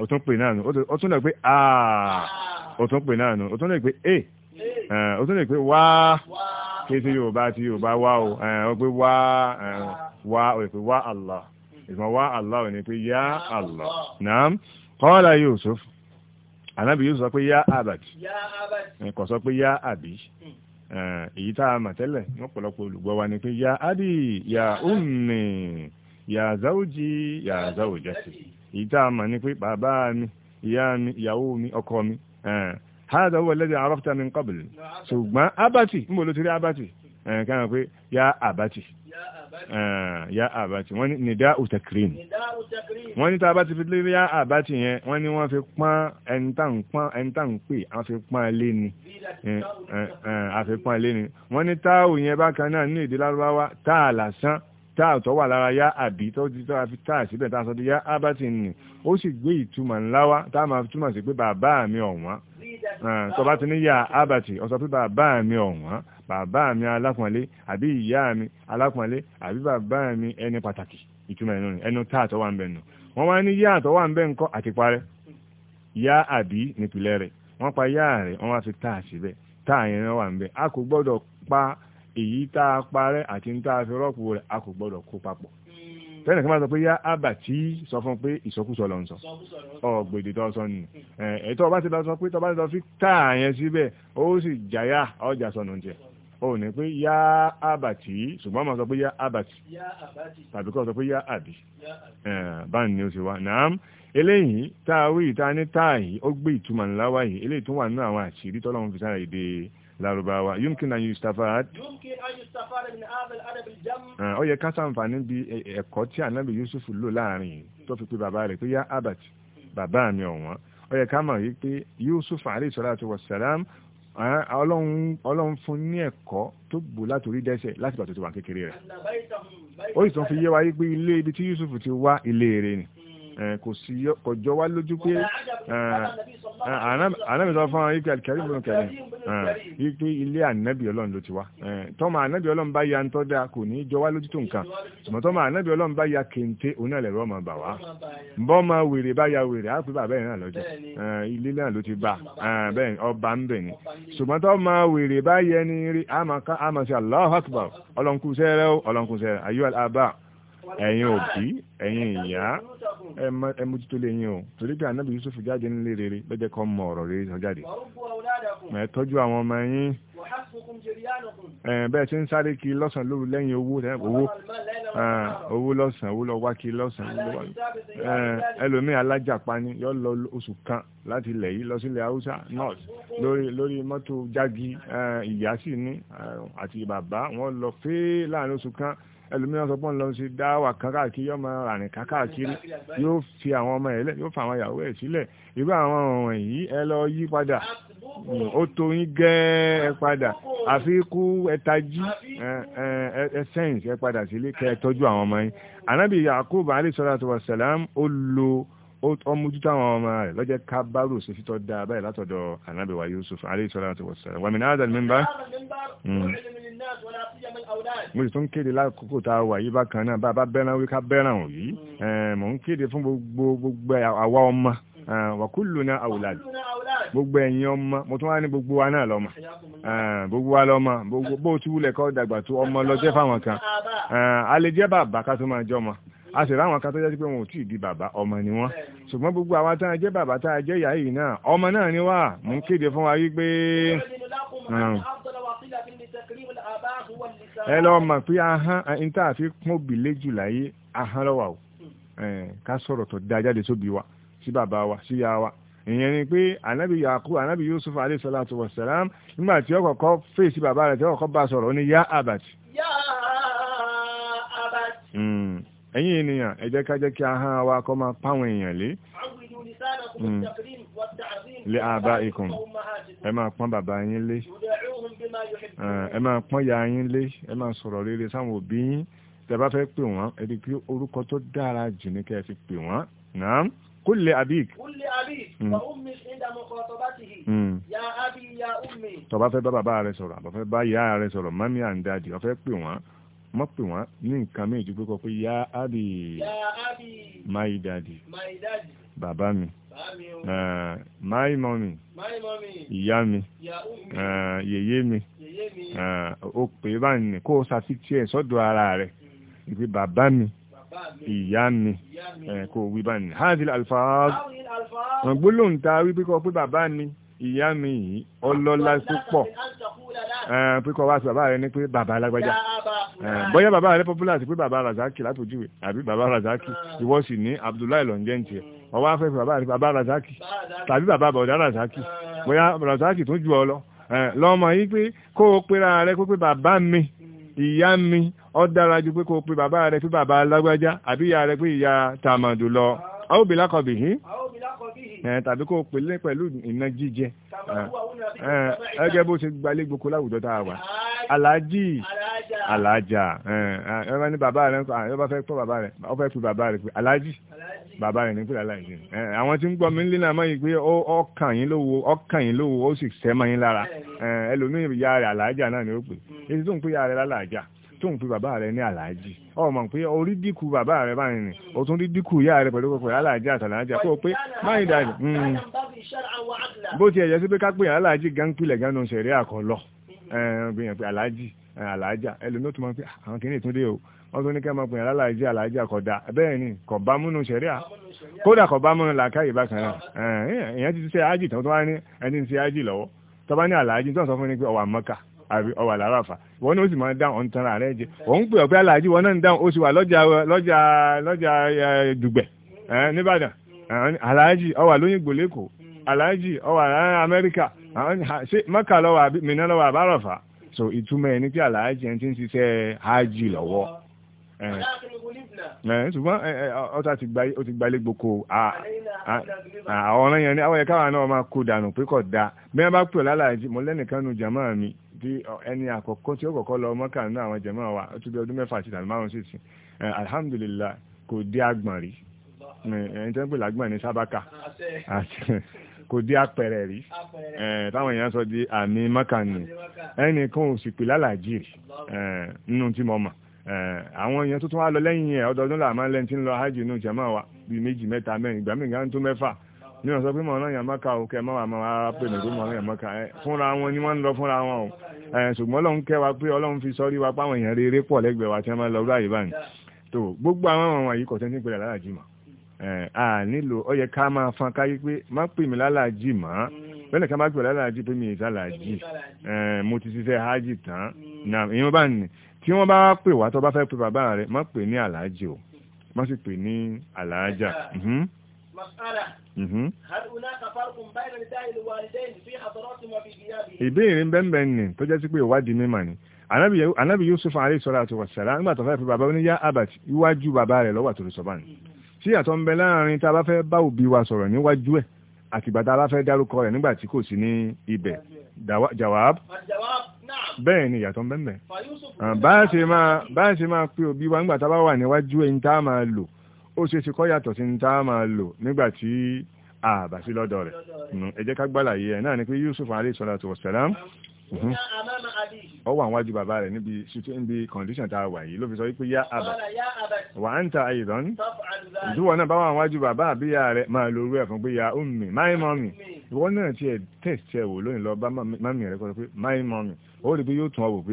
o tún pè náà nù o tún lè pé aa o tún pè náà nù o tún lè pé e o tún lè pé wá kí tí Yorùbá tí Yorùbá wá o o pé wá wá o lè pé wá Allah ìmọ̀ wá Allah ò ní pé yá Allah naam qala Yusuf anábì Yusuf sọ pé yá abad kò sọ pé yá àbí. Eh, èyí tá a mà tẹ́lẹ̀ lọ́pọ̀lọpọ̀ olùgbọ́ wa ni pé ya adi ya ummi ya zawji ya zawjati èyí tá a mà ni pé bàbá mi ìyá mi ìyàwó mi ọkọ mi hada eh, huwa alladhi arafta min qabl ṣùgbọ́n abati ń bò ló abati Eh, kẹ́nà pé yá àbátì yá àbátì eh, wọ́n ní nìdá ùtẹ̀kìrìm wọ́n ní tàbá ti fi lé yá àbátì yẹn wọ́n ní wọ́n fi pán ẹntà ń pè a fi pán lé ni eh, a fi pán lé ni wọ́n ní táàwù yẹn bákan náà ní èdè lárúbáwá táà lásán táà tó wà lára yá àbí tó ti tó àfi táà síbẹ̀ táà sọ́dọ̀ yá àbátì ni ó sì gbé ìtumọ̀ ńláwá táà máa túmọ̀ sí pé bàbá mi ọ̀wọ́n Ah, tó bá ti ní yà ábàtì ọ̀sọ̀ pé bàbá mi ọ̀wọ́n bàbá mi alápọ̀nlé àbí ìyá mi alápọ̀nlé àbí bàbá mi ẹni pàtàkì ìtumọ̀ ẹnu ẹnu tá àtọ́wà ń bẹ̀ nù wọ́n wá ní yá àtọ́wà ń bẹ̀ ńkọ́ àti parẹ́ yá àbí nípìnlẹ̀ rẹ̀ wọ́n pa yá rẹ̀ wọ́n wá fi tá síbẹ̀ tá yẹn wà ń bẹ̀ a kò gbọ́dọ̀ pa èyí tá a parẹ́ àti ń tá a fi rọ́pò rẹ̀ a kò gbọ́dọ̀ kó papọ̀ tẹ́lẹ̀ kan bá sọ pé yá abàtí sọ fún pé ìsọkúsọ lọ ń sọ ọ̀gbèdè tó sọ nù ẹ̀tọ́ bá ti lọ sọ pé tọ́ bá ti lọ fi táà yẹn síbẹ̀ ó sì jàyà ọjà sọnù jẹ ó ní pé yá abàtí ṣùgbọ́n máa sọ pé yá abàtí tàbí kọ́ sọ pé yá àbí báyìí ni ó ṣe wá nàám eléyìí táà wí ìta ní táà ó gbé ìtumọ̀ ńláwá yìí eléyìí tó wà nínú àwọn àṣírí tọ́lọ́run lárúbáwá yumkin an yustafad ah, ó yẹ ká ṣàǹfààní bí ẹ̀kọ́ tí ànábì Yusuf lò láàrin tó fi pe bàbá rẹ̀ pé yá abat bàbá mi ọ̀wọ́n ó yẹ ká mọ̀ yí pé Yusuf alayhi salatu wassalam ọlọ́run fún ní ẹ̀kọ́ tó gbò látòrí dẹ́sẹ̀ láti bàtò tó wà kékeré rẹ̀ ó sì tún fi yé wa yí pé ilé ibi tí Yusuf ti wá ilé rẹ̀ ni. Eh, kò sí kọjọ́ wá lójú pé eh, ànábì sọ fún ike eh, alkarim ló kẹrin wípé ilé ànábì ọlọ́run ló ti wá tọ́mọ ànábì ọlọ́run bá ya ń tọ́ da kò ní jọ wá lójú tó nǹkan ṣùgbọ́n tọ́mọ ànábì ọlọ́run bá ya kente onálẹ̀ rọ́ ọmọ bà wá bọ́ ọmọ wèrè bá ya wèrè á pé bàbá yẹn náà lọ́jọ́ ilé náà ló ti bá bẹ́ẹ̀ ọba ń bẹ̀ ni ṣùgbọ́n tọ́mọ wèrè bá yẹ ni rí àmọ́ sí Allahu Akbar ọlọ́nkùnsẹ́rẹ́ ọlọ́nkùnsẹ́rẹ́ ayé ẹ̀yin òbí ẹ̀yin ìyá ẹ mójútó yín o torí pé ànábì Yusuf jáde nílé rere lọ́jẹ́ kọ́ mọ ọ̀rọ̀ rere sọ jáde ẹ tọ́jú àwọn ọmọ yín bẹ́ẹ̀ tí ń sáré kiri lọ́sàn lóru lẹ́yìn owó owó owó lọ́sàn owó lọ wá kiri lọ́sàn ẹlòmíì alájàpá ni yọ lọ oṣù kan láti ilẹ̀ yìí lọ sílẹ̀ haúsá north lórí lórí mọ́tò jági ìyá sì ní àti bàbá wọ́n lọ fẹ́ láàrin oṣù kan ẹlòmíràn sọ pé ń lọ sí dáwà kákàkiri yọmọ rànì kákàkiri yóò fi àwọn ọmọ ẹ̀ yóò fa àwọn ìyàwó ẹ̀ sílẹ̀ irú àwọn ọ̀ràn yìí ẹ lọ yí padà mm, ó tó yín gẹ́ẹ́ ẹ padà àfikú ẹtají ẹsẹ́ǹsì ẹ padà sílé kẹ́ ẹ tọ́jú àwọn ọmọ yín anábì Yakub alayhi salatu wa salam ó lo ọmọjútó àwọn ọmọ rẹ̀ lọ́jẹ́ ká bárò dáa báyìí látọ̀dọ̀ anábì wa Yusuf alayhi salatu wa salam wàmínà àdàlmínbá mo sì tún kéde lákòókò tá a wà yí bákan náà bàbá bẹ́ràn wí ká bẹ́ràn òyí mm. mò ń kéde fún gbogbo gbogbo àwa ọmọ wàkúlùnà àwùlàd gbogbo ẹ̀yin ọmọ mo tún wá ní gbogbo wa náà lọ́mọ gbogbo wa lọ́mọ bó ti wúlẹ̀ kọ́ dàgbà tó ọmọ lọ fáwọn kan a lè jẹ́ bàbá ká tó máa jọmọ a sì ráwọn kan tó jẹ́ pé wọn ò tí di bàbá ọmọ ni wọ́n ṣùgbọ́n gbogbo àwọn tá a jẹ́ bàbá tá a jẹ́ ìyá yìí náà ọmọ náà ni wá mò ń kéde fún wa wí pé ẹ lọ mọ̀ pé ahán ẹni tá a fi pọ́n òbí léjù láyé ahán lọ́wọ́ o ká sọ̀rọ̀ tó da jáde sóbi wa sí bàbá wa sí ya wa ìyẹn ni pé anabi yakubu anabi yusuf alayhi salatu wa salam nígbà tí ó kọ́kọ́ fèsì bàbá rẹ̀ tí ó bá sọ̀rọ̀ ó ní yá abati. yá abati. Hmm. ẹ̀yin ènìyàn ẹ jẹ́ ká jẹ́ kí ahán wa kọ́ máa pàwọn èèyàn lé lé àbá ikùn ẹ máa pọ́n bàbá yín lé ẹ máa pọ́n ya yín lé ẹ máa sọ̀rọ̀ rere sáwọn òbí yín tẹ́ bá fẹ́ pè wọ́n ẹ rí pé orúkọ tó dára jù ní kẹ́ ẹ fi pè wọ́n náà كل أبيك كل أبيك وأمك عند مخاطبته يا أبي يا أمي tó bá fẹ́ bá bàbá rẹ sọ̀rọ̀ bá fẹ́ bá ìyá rẹ sọ̀rọ̀ mami and daddy ó fẹ́ pè wọ́n mọ́ pè wọ́n ní nǹkan méjì pé kọ́ pé ya abi ya abi my daddy my daddy bàbá mi my mommy ìyá mi yèyé mi ó pè é báyìí ní kó o ṣàfihàn ẹ̀ sọ́dọ̀ ara rẹ̀ hmm. ìpè bàbá mi ìyá mi kó o wí báyìí hazel alfaaz wọn gbólóhùn ta wípé kọ́ pé bàbá mi ìyá mi yìí ọlọ́lá tó pọ̀ pé kọ́ wá sí bàbá rẹ ní pé bàbá alágbájá bóyá bàbá rẹ popular sí pé bàbá razaki látòjúwe àbí bàbá razaki hmm. ìwọ sì ní abdullahi lọ́njẹ́ ń ọwọ́ afẹ́fẹ́ bàbá rẹ bàbá razaki tàbí bàbá bọ̀dá razaki bóyá razaki tó ju ọ lọ lọ́mọ yìí pé kó o pera rẹ kó pé bàbá mi ìyá mi ọ dára ju pé kó o pe bàbá rẹ pé bàbá alágbájá àbí ìyá rẹ pé ìyá tàmàdù lọ àwọn òbí lákọ̀bì yìí tàbí kó pèlé pẹ̀lú iná jíjẹ ẹgẹ́ bó ṣe gbalé gboko láwùjọ tá a wà aláàjì alájà eh, eh, ẹ bá ní bàbá rẹ ẹ bá fẹ́ pọ̀ bàbá rẹ ọ fẹ́ pe bàbá rẹ pé alájì bàbá rẹ ní pé alájì eh, àwọn tí ń gbọ́ mi ń lé náà mọ́ yìí pé ọkàn yín lówó ọkàn yín lówó ó sì sẹ́ mọ́ yín lára ẹlòmíì ya rẹ alájà náà ni ó pè èyí tó ń pè ya rẹ lálàájà tó ń pe bàbá rẹ ní aláàjì ọmọ pé orí dínkù bàbá rẹ báyìí ni o tún rí dínkù ìyá rẹ pẹ̀lú pẹ̀lú aláàjì àtàlájà kó o pé báyìí dàdí hmm. bó ti ẹ̀jẹ̀ sí pé ká pè aláàjì gan pilẹ̀ gan nù sẹ̀rí àkọlọ gbìyànjú pé alájà ẹlòmí ó tún máa ń pè ah, àwọn kìíní ìtúndé o wọ́n tún ní kẹ́ máa pè alájà alájà kọ̀dà bẹ́ẹ̀ ni kò bá múnú ṣẹ̀ríà kódà kò bá múnú làákàyè bákan náà èèyàn ti ṣe ájì tó wá ní ẹni ti ṣe ájì lọ́wọ́ tó bá ní alájì tó ń sọ fún ni pé ọwà mọ́kà àbí ọwà làràfà wọn ó sì máa dáhùn ọ̀n tanra rẹ̀ jẹ òun pè ọ̀pẹ́ alájì wọn náà ń dáhùn ó sì wà lọ́jà lọ́jà lọ́jà dùgbẹ̀ nìbàdàn alájì ọwà lóyìnbó lẹ́kọ̀ọ́ alájì ọwà amẹ́ríkà ṣé mọ́kà lọ́wọ́ àbí mìíràn lọ́wọ́ àbárọ̀fà so ìtumọ̀ ẹni tí aláàjì ẹni tí ń ṣiṣẹ́ hajj lọ́wọ́ ṣùgbọ́n ọta ti gbalé gboko àwọn yẹn ni àwọn ẹ̀ka náà máa kó dànù pé kò dáa bí wọ́n bá pè lálàájì mo lẹ́nìkan nu jàmáà mi tí ẹni àkọ́kọ́ tí ó kọ́kọ́ lọ Mọ́kà nínú àwọn jàmáà wa ó ti bí ọdún mẹ́fà àti ìdàlú márùn sí sí alhamdulillah kò dé àgbọ̀n rí ẹni tẹ́ ń pè lágbọ̀n ní sábàkà kò di apẹ̀rẹ̀ rí táwọn èèyàn sọ di àmì mọ́kànnì ẹnìkan ò sì pè lálàjì rí nínú tí mo mọ̀ àwọn èèyàn tó tún wá lọ lẹ́yìn ẹ̀ ọdọọdún làmá lẹ́yìn tí ń lọ hajj inú jàmáà wa bíi méjì mẹ́ta mẹ́rin ìgbà mí gan tó mẹ́fà ní ọ̀sọ́ pé mọ̀ náà yàmáka o kẹ mọ́ àmọ́ ara pè mí pé mọ̀ náà yàmáka ẹ fúnra wọn ni wọ́n ń lọ fúnra wọn o ṣùgbọ́n ọlọ́run kẹ́ wa pé ọlọ́run fi sọ́rí wa páwọn èèyàn rere pọ̀ lẹ́gbẹ̀ẹ́ wa tí wọ́n máa lọ ráyè báyìí tó gbogbo àwọn àwọn wọ̀nyí kọ̀tẹ́ntì pẹ̀lẹ́ aláàjì a nílò ó yẹ ká máa fọn káyé pé má pè mí lálàájì mọ́ mm. bẹ́ẹ̀ ká má pè lálàájì pé mi ì sálàájì mo ti ṣiṣẹ́ hajj tán mm. ìyẹn bá ní tí wọ́n bá pè wá tó bá fẹ́ pè bàbá rẹ̀ má pè ní àlàájì o má sì pè ní àlàájà. Mhm. Mhm. Ìbéèrè bẹ́ẹ̀ ni tó jẹ́ sí pé ìwádìí mímọ̀ ni. Ànábì Yusuf alayhi salatu wassalam nígbà tó fẹ́ fi bàbá oníyá Abat iwájú bàbá rẹ̀ lọ́wọ́ àtòrìsọ̀bá ni. Mm sí àtọ́ ń bẹ láàrin tá a bá fẹ́ bá òbí wa sọ̀rọ̀ níwájú ẹ̀ àtìgbà tá a bá fẹ́ dárúkọ rẹ̀ nígbà tí kò sí ní ibẹ̀ jawab bẹ́ẹ̀ ni ìyàtọ̀ ń bẹ bá ṣe máa pé òbí wa nígbà tá a bá wà níwájú ẹ̀ ń tá a máa lò ó ṣe ṣe kọ́ yàtọ̀ sí ń tá a máa lò nígbà tí àbá sí lọ́dọ̀ rẹ̀ ẹ jẹ́ ká gbàlàyé ẹ̀ náà ni pé Yusuf alayhi salatu wassalam ọ mm-hmm. wà wájú bàbá rẹ̀ níbi níbi condition tá a wà yìí ló fi sọ wípé yá àbà wà á ń ta àyèdán ìdúwọ̀ náà bá wà wájú bàbá àbíyá rẹ̀ máa lo orú ẹ̀ fún pé ya ummi my mommy ìwọ náà tiẹ̀ test ẹ̀ wò lónìí lọ bá mami rẹ̀ kọ́ pé my mommy ó rí pé yóò tún ọ wò pé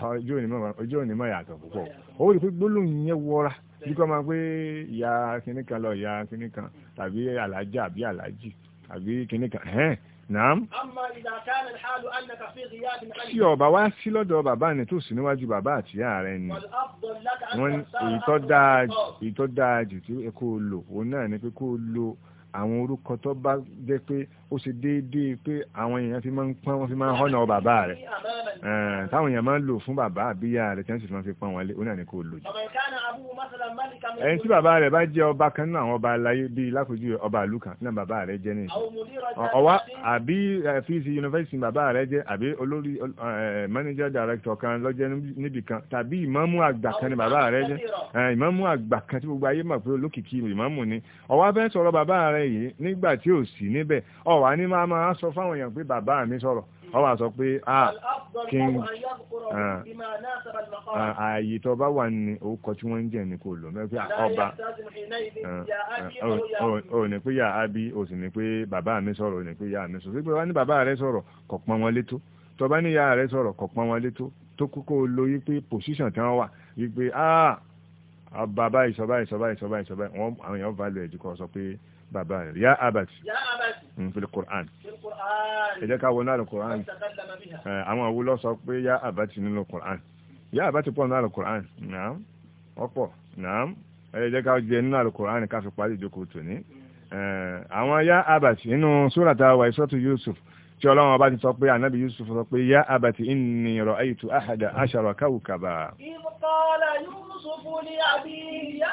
ojú ah, òní mọ̀ yàtọ̀ púpọ̀ ó rí pé gbólóhùn yẹn wọra bíkọ́ máa pé ìyá kìnnìkan lọ ìyá kìnnìkan tàbí alájà àbí alájì àbí kìnnìkan Naam. Tí ọba wá sí lọ́dọ̀ bàbá ni tó sì níwájú bàbá àti ìyá rẹ̀ ni. Wọ́n ìtọ́ dáa jù tí kó lò, òun náà ni pé kó lò àwọn orúkọ tó bá jẹ́ pé ó ṣe déédéé pé àwọn èèyàn fi máa ń pọ́n wọ́n fi máa ń họ́nà bàbá rẹ̀ táwọn èèyàn máa ń lò fún bàbá àbíyá rẹ̀ tí wọ́n sì máa fi pọ́n wọn lé ó náà ní kò lò jù. ẹni tí bàbá rẹ̀ bá jẹ́ ọba kan náà àwọn ọba aláyé bíi lápèjúwe ọba àlù kan náà bàbá rẹ̀ jẹ́ nìyí ọwá àbí fíìsì yunifásitì bàbá rẹ̀ jẹ́ àbí olórí manager director kan ló níbì kan tàbí ìmámù àgbà kan ni bàbá rẹ̀ jẹ́ ìmámù àgbà kan tí gbogbo ayé mọ̀ pé olókìkí ìmámù ni ọwá fẹ́ sọ̀rọ̀ bàbá rẹ̀ nǹkan yìí nígbà tí ò sí níbẹ̀ ó wá ní máa máa sọ fáwọn èèyàn pé bàbá mi sọ̀rọ̀ ó sọ pé ah kí n ààyè tó bá wà ní orúkọ tí wọ́n ń jẹ́ ní kò lò mẹ́fẹ́ ọba ò ní pé yà á bí ò sì ní pé bàbá mi sọ̀rọ̀ ò ní pé yà mi sọ̀rọ̀ pé wá ní bàbá rẹ sọ̀rọ̀ kò pọ́n wọn létó tó bá ní yà rẹ sọ̀rọ̀ kò pọ́n wọn létó tó kókó lo yí pé pòsíṣàn tí wọ́n wà yí pé ah ọba báyìí sọ báyìí sọ báyìí sọ báyìí sọ báyìí wọ́n àwọn èèyàn value ẹ̀jú kan sọ pé bàbá rẹ̀ yá abàtì fi Qur'an ẹ jẹ́ ká wọnú Qur'an àwọn àwúlọ́ sọ pé yá abàtì nínú Qur'an yá abàtì pọ̀ nínú Qur'an naam ọ̀pọ̀ naam ẹ jẹ́ ká jẹ nínú Qur'an ká fi parí ìjókòó tòní àwọn yá abàtì nínú sóràtà wà ìsọ́tù Yusuf tí ọlọ́run ọba ti sọ pé ànábì yusuf sọ pé yá àbàtì inni ra'aytu ahada ashara kawkaba ìmọ̀kọ́lá yusuf ní àbí yá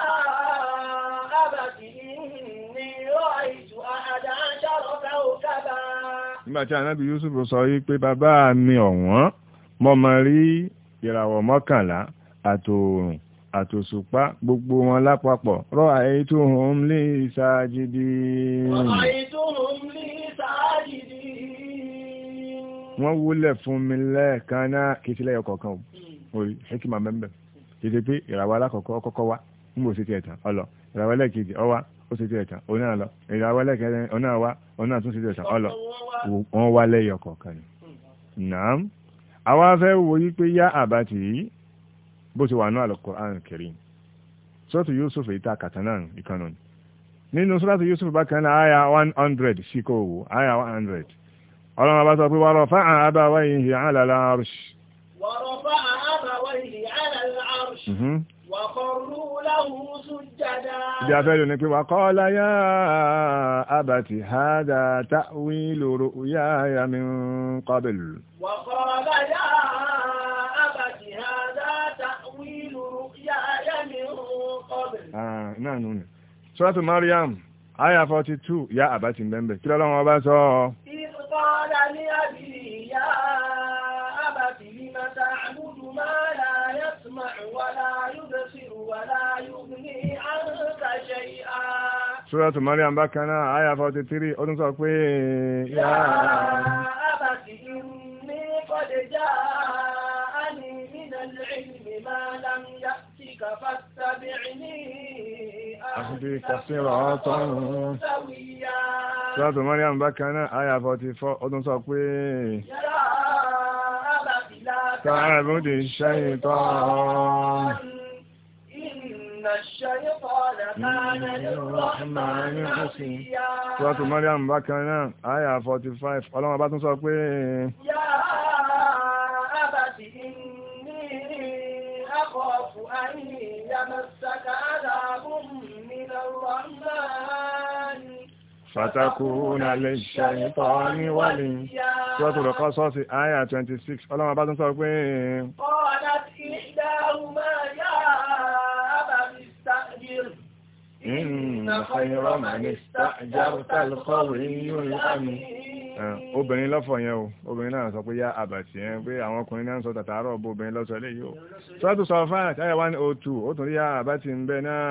àbàtì inni nígbà tí anábì Yusuf sọ yí pé bàbá mi ọ̀wọ́n mo máa rí ìràwọ̀ mọ́kànlá àtòòrùn àtòṣùpá gbogbo wọn lápapọ̀ rọ́ àìtúhùn lè sáájìdì wọ́n wúlẹ̀ fún mi lẹ́ẹ̀kan náà kìtílẹ̀ ọkọ̀ọ̀kan hmm. orí hekima mẹ́mbẹ̀ títí pé ìràwọ̀ alákọ̀ọ́kọ́ ọkọ̀kọ́ wá ń bò sí ti ẹ̀tàn ọlọ ìràwọ̀ ẹlẹ́ẹ̀kejì ọwá ó ṣe ju ẹ̀ta òun náà lọ ìrìn àwọn ẹlẹ́kẹ̀ẹ́ òun náà wá òun náà tún ṣe ju ẹ̀ta ọlọ wọ́n wá lẹ́yọ̀ kọ̀ọ̀kan ni. nàám àwa fẹ́ wo yí pé yá àbátì yìí bó ti wà ní Al-Qur'an Karim sọ́ọ̀tù Yusuf ìta kàtà náà ìkànnà nínú sọ́ọ̀tù Yusuf bákan náà àyà one hundred sí kò wò àyà one hundred ọlọ́run àbá sọ pé wà rọ̀fà àbáwáyìí ala al-arsh. wà rọ̀fà àbáwáyìí ala al-arsh. Mhm. wà kọ̀ọ̀rù Ibi afẹ́lú ni pé wà kọ́ láyá àbàtì hádà táwí lòrò yá ya mi ń kọ́bẹ̀lú. Wà kọ́ láyá àbàtì hádà táwí lòrò yá ya mi ń kọ́bẹ̀lú. Náà nù ní. Sọ́tù Mariam, Aya 42, yá àbàtì bẹ́m̀bẹ̀. Kí lọ́lọ́wọ́ bá sọ Suratu Maryam bákan náà àyà 43 ó tún sọ pé yá àbàtì ní kọ́dé já a ní nínà lẹ́yìn máa lámúyá tí kàfà tàbí ní àbí kàfíra ọ̀tọ̀run. Suratu Maryam bákan náà àyà 44 ó tún sọ pé yá àbàtì láàbùdì Sọ́tù Mariam bákan náà, àyà 45, ọlọ́run bá tún sọ pé. Yá àbàtì ní akọ̀ọ̀fù àyè yàmọ̀sàkà àdàbùn mi lọ́wọ́ náà. lè ṣàyìntọ́ níwálì. Sọ́tù rẹ̀ kọ́ sọ́ọ̀sì àyà 26, ọlọ́run bá tún sọ pé. Kọ́ إن خير من استأجرت القوي الأمين obìnrin lọ́fọ̀ yẹn o obìnrin náà sọ pé yá àbàtì yẹn pé àwọn ọkùnrin náà sọ tàtàárọ̀ bó obìnrin lọ́sọ ilé yóò sọ́tù sọ fáà táyà wá ní òtù ó tún rí yá àbàtì ń bẹ náà.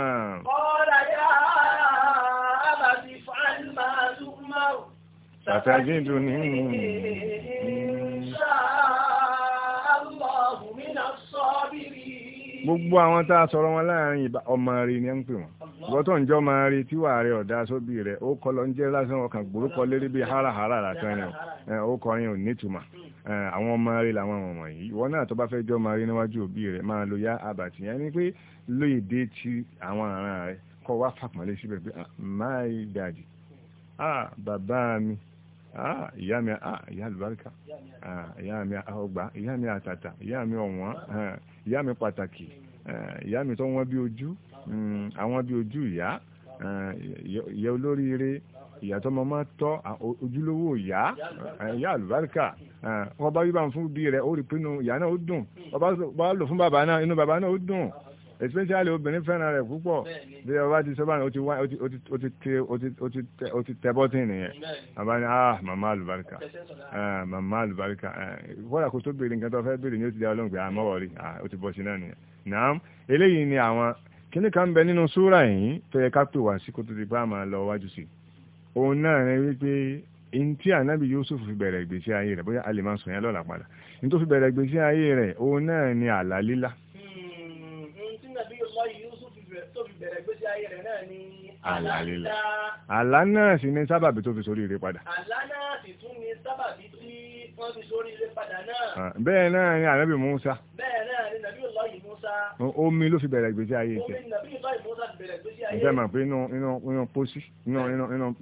gbogbo àwọn tá a sọ̀rọ̀ wọn láàrin ọmọ rí ni ẹ ń pè wọn gbọ́tọ̀ ń jọ máa rí tí wàá rí ọ̀dá sóbì rẹ̀ ó kọ́ lọ ń jẹ́ lásán ọkàn gbórúkọ lérí bíi háràhárà lásán ni ó kọrin ò àwọn ọmọ ọmọ wọ̀nyí ìwọ náà tó bá fẹ́ jọ ma rí níwájú òbí rẹ̀ máa lo yá yẹn ni pé ti àwọn àràn rẹ̀ kọ́ Ah, ìyá mi ah, ìyá àlùbáríkà ah, ìyá mi ọgbà ìyá mi àtàtà ìyá mi ọ̀wọ́n eh, ìyá mi pàtàkì eh, ìyá mi tó wọ́n bí ojú mm, àwọn bí ojú eh, ìyá ìyá olóríire ìyá tó máa tọ́ ojúlówó ìyá ìyá àlùbáríkà wọ́n bá yí bá ń fún bí rẹ̀ ó rí pinnu ìyá náà ó dùn wọ́n bá lò fún bàbá náà inú bàbá náà ó dùn especially obìnrin fẹ́ràn rẹ̀ púpọ̀ bí ọba ti sọ́bà ó ti wá ó ti tẹ bọ́tìn nìyẹn àbá ni ah màmá àlùbáríkà ah, màmá àlùbáríkà ah, kódà kó tó béèrè nǹkan tó fẹ́ béèrè ni ó ti dá ọlọ́run pé ah mọ́wọ́ rí ah ó ti bọ́ sí náà nìyẹn naam eléyìí ni àwọn kíní kan bẹ nínú súrà yìí tó yẹ ká pè wá sí kó tó ti bá a máa lọ wájú sí òun náà rẹ wípé in tí ànábì Yusuf fi bẹ̀rẹ̀ ìgbésí ayé rẹ̀ bóyá a lè máa sọ yẹn lọ́la padà in tó fi bẹ̀rẹ̀ ìgbésí ayé rẹ̀ òun náà ni àlá lílá àlá lílá àlá náà sì ní sábàbí tó fi sórí ire padà àlá náà sì tún ní sábàbí tí wọ́n fi ah, bẹ́ẹ̀ náà ni ànábì Musa. omi ló fi bẹ̀rẹ̀ ìgbésí ayé tẹ̀. omi nàbí pé inú pósí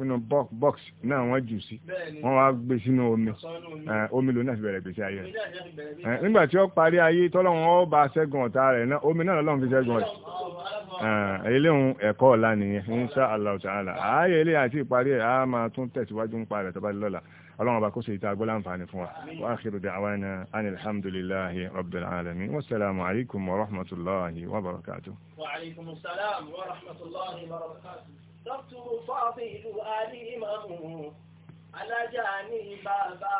inú box náà wọ́n jù sí. wọ́n wá gbé sínú omi eh, omi ló náà fi bẹ̀rẹ̀ ìgbésí ayé rẹ̀. Eh, nígbà tí ó parí ayé tọ́lọ́run ó bá ṣẹ́gun ọ̀tá rẹ̀ náà omi náà lọ́lọ́run fi ṣẹ́gun ọ̀tá eh, eléhun ẹ̀kọ́ ọ̀la nìyẹn insha Allah ta'ala ààyè ilé àti ìparí ẹ̀ á máa tún tẹ̀síwájú ń pa rẹ̀ lọ́la ọlọ́run ọba kó ṣe ìta agbọ́lá àǹfààní fún wa wa akhiru da'wana anil hamdulillahi rabbil alamin wassalamu alaikum wa rahmatullahi wa barakatuh wa alaikum assalam wa rahmatullahi wa barakatuh dr fàfihù alì imamu alájà ní bàbá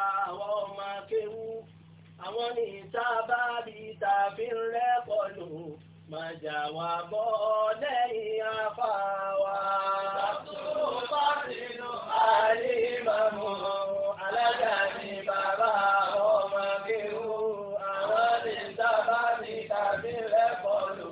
Màjà wà bọ́ lẹ́yìn afá wa. Sọ́tún bá sínú àlímọ̀mù. Alága ni bàbá ọmọ kéwú. Àwọn lè sábà ní tàbí rẹ̀ pọ̀ lò.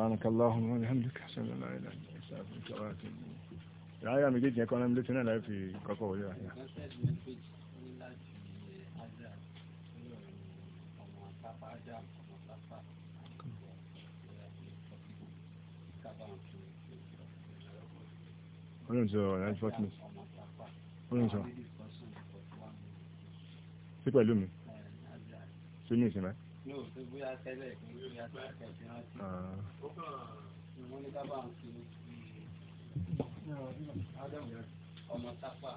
سبحانك اللهم وبحمدك أشهد أن لا إله إلا أنت أستغفرك وأتوب إليك الآية méjèèjì ẹ̀kọ́ náà létí náà láì fi kọ́kọ́ wọlé wa. Olóòtú sọ nine forty minutes. Olóòtú sọ. Sí pẹ̀lú mi. Sí mi ìsinmi. No, ṣe bóyá tẹ́lẹ̀ kan ọmọ tápà.